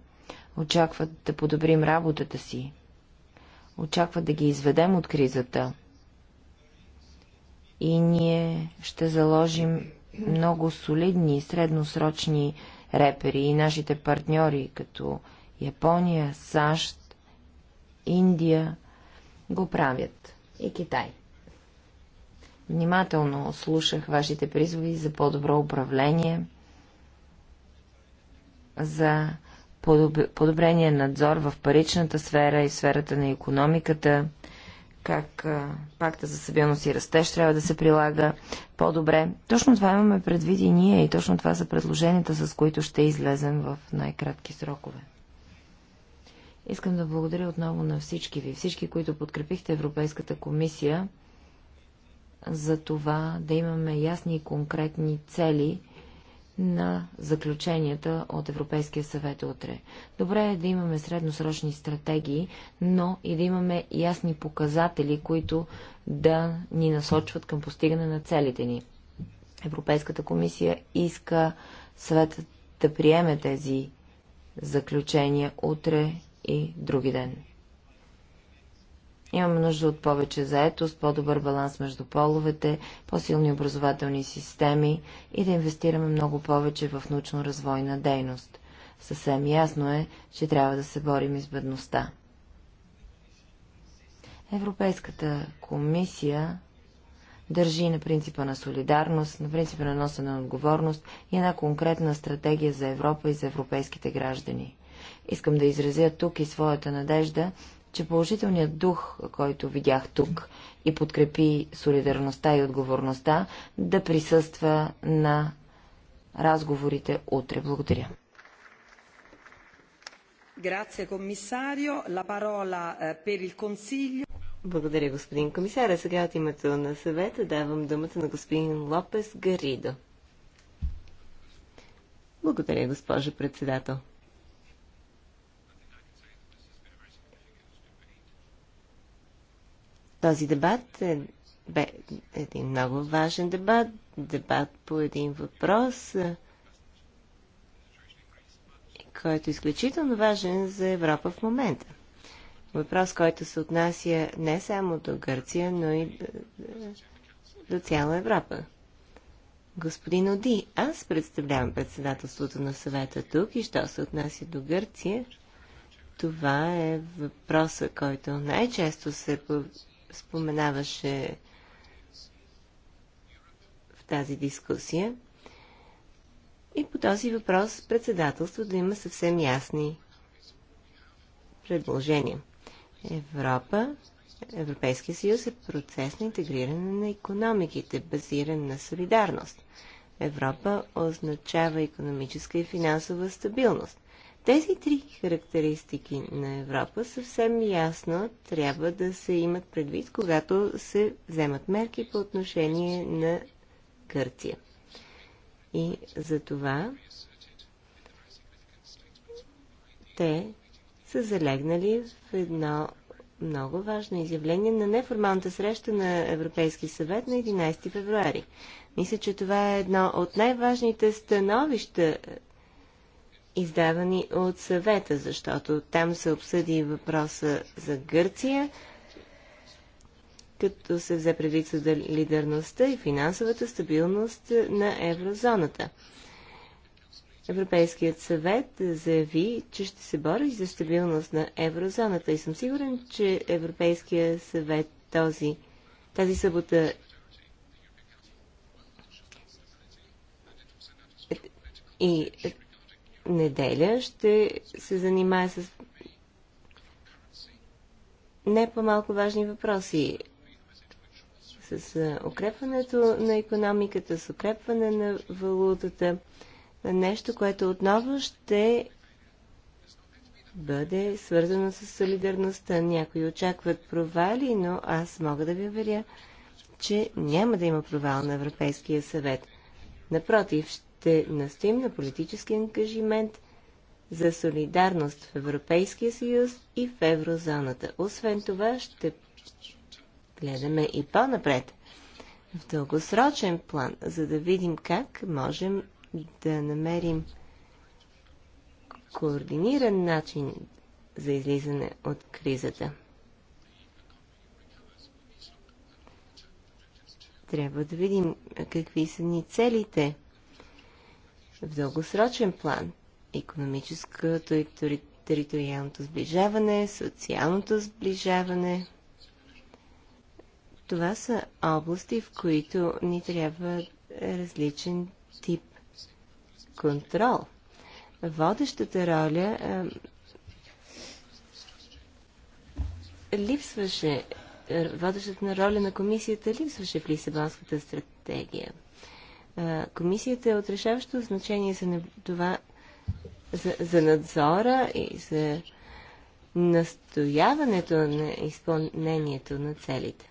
очакват да подобрим работата си, очакват да ги изведем от кризата. И ние ще заложим много солидни и средносрочни репери и нашите партньори, като Япония, САЩ, Индия, го правят. И Китай. Внимателно слушах вашите призови за по-добро управление, за подобрения надзор в паричната сфера и сферата на економиката, как пакта за събилност и растеж трябва да се прилага по-добре. Точно това имаме предвид и ние и точно това са предложенията, с които ще излезем в най-кратки срокове. Искам да благодаря отново на всички ви, всички, които подкрепихте Европейската комисия за това да имаме ясни и конкретни цели на заключенията от Европейския съвет утре. Добре е да имаме средносрочни стратегии, но и да имаме ясни показатели, които да ни насочват към постигане на целите ни. Европейската комисия иска съветът да приеме тези заключения утре и други ден. Имаме нужда от повече заетост, по-добър баланс между половете, по-силни образователни системи и да инвестираме много повече в научно-развойна дейност. Съвсем ясно е, че трябва да се борим и с бедността. Европейската комисия държи на принципа на солидарност, на принципа на носена отговорност и една конкретна стратегия за Европа и за европейските граждани. Искам да изразя тук и своята надежда, че положителният дух, който видях тук и подкрепи солидарността и отговорността, да присъства на разговорите утре. Благодаря. Е, Благодаря, господин комисар. Сега от името на съвета давам думата на господин Лопес Гаридо. Благодаря, госпожо председател. Този дебат е, бе един много важен дебат, дебат по един въпрос, е, който е изключително важен за Европа в момента. Въпрос, който се отнася не само до Гърция, но и до, е, до цяла Европа. Господин Оди, аз представлявам председателството на съвета тук и що се отнася до Гърция, това е въпроса, който най-често се споменаваше в тази дискусия. И по този въпрос председателство да има съвсем ясни предложения. Европа, Европейския съюз е процес на интегриране на економиките, базиран на солидарност. Европа означава економическа и финансова стабилност. Тези три характеристики на Европа съвсем ясно трябва да се имат предвид, когато се вземат мерки по отношение на Гърция. И за това те са залегнали в едно много важно изявление на неформалната среща на Европейски съвет на 11 февруари. Мисля, че това е едно от най-важните становища издавани от съвета, защото там се обсъди въпроса за Гърция, като се взе предвид лидерността и финансовата стабилност на еврозоната. Европейският съвет заяви, че ще се бори за стабилност на еврозоната и съм сигурен, че Европейският съвет този, тази събота и неделя ще се занимая с не по-малко важни въпроси. С укрепването на економиката, с укрепване на валутата, на нещо, което отново ще бъде свързано с солидарността. Някои очакват провали, но аз мога да ви уверя, че няма да има провал на Европейския съвет. Напротив, ще ще настоим на политически ангажимент за солидарност в Европейския съюз и в еврозоната. Освен това, ще гледаме и по-напред в дългосрочен план, за да видим как можем да намерим координиран начин за излизане от кризата. Трябва да видим какви са ни целите – в дългосрочен план. Економическото и териториалното сближаване, социалното сближаване. Това са области, в които ни трябва различен тип контрол. Водещата роля липсваше, водещата роля на комисията липсваше в Лисабонската стратегия комисията е отрешаващо значение за, това, за, за надзора и за настояването на изпълнението на целите.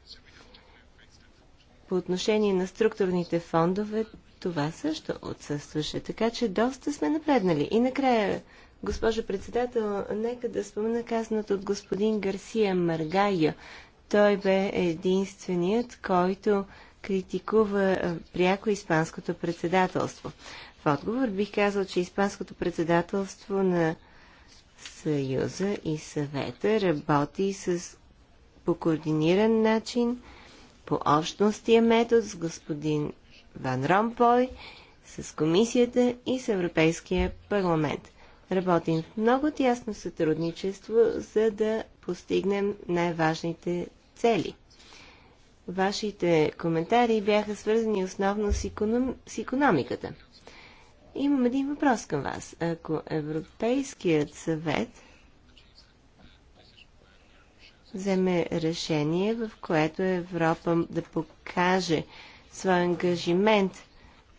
По отношение на структурните фондове, това също отсъстваше, така че доста сме напреднали. И накрая, госпожо председател, нека да спомена казаното от господин Гарсия Маргайо. Той бе единственият, който критикува пряко Испанското председателство. В отговор бих казал, че Испанското председателство на Съюза и съвета работи с по координиран начин, по общностия метод с господин Ван Ромпой, с комисията и с Европейския парламент. Работим в много тясно сътрудничество, за да постигнем най-важните цели – Вашите коментари бяха свързани основно с, економ... с економиката. Имам един въпрос към вас. Ако Европейският съвет вземе решение, в което Европа да покаже своя ангажимент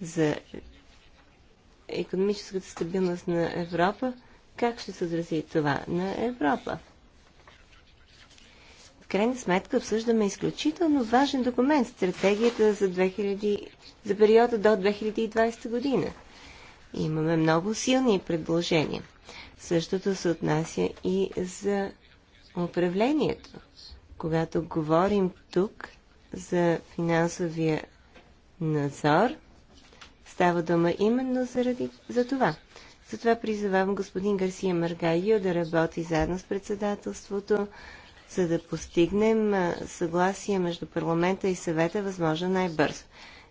за економическата стабилност на Европа, как ще се отрази това на Европа? крайна сметка обсъждаме изключително важен документ стратегията за, 2000, за периода до 2020 година. Имаме много силни предложения. Същото се отнася и за управлението. Когато говорим тук за финансовия надзор, става дума именно заради, за това. Затова призовавам господин Гарсия Маргайо да работи заедно с председателството за да постигнем съгласие между парламента и съвета възможно най-бързо.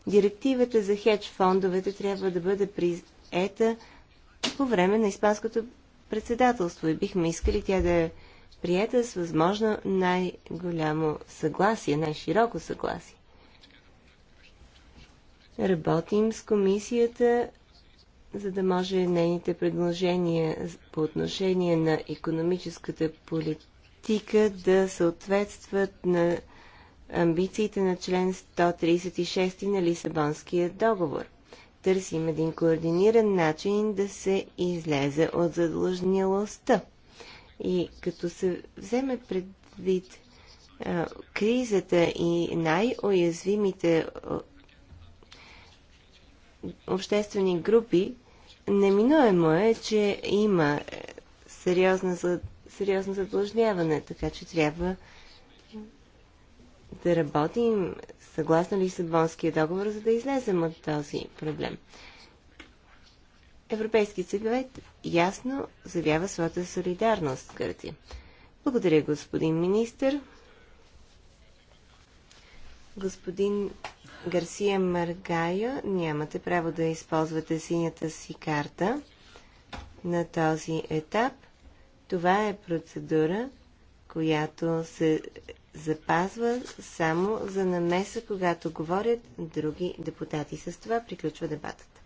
Директивата за хедж фондовете трябва да бъде приета по време на Испанското председателство и бихме искали тя да е приета с възможно най-голямо съгласие, най-широко съгласие. Работим с комисията, за да може нейните предложения по отношение на економическата политика политика да съответстват на амбициите на член 136 на Лисабонския договор. Търсим един координиран начин да се излезе от задлъжнялостта. И като се вземе предвид а, кризата и най-уязвимите обществени групи, неминуемо е, че има е, сериозна задлъжнялост сериозно задлъжняване, така че трябва да работим съгласно Лисабонския договор, за да излезем от този проблем. Европейският съвет ясно заявява своята солидарност с Гърция. Благодаря, господин министр. Господин Гарсия Маргайо, нямате право да използвате синята си карта на този етап – това е процедура, която се запазва само за намеса, когато говорят други депутати. С това приключва дебатът.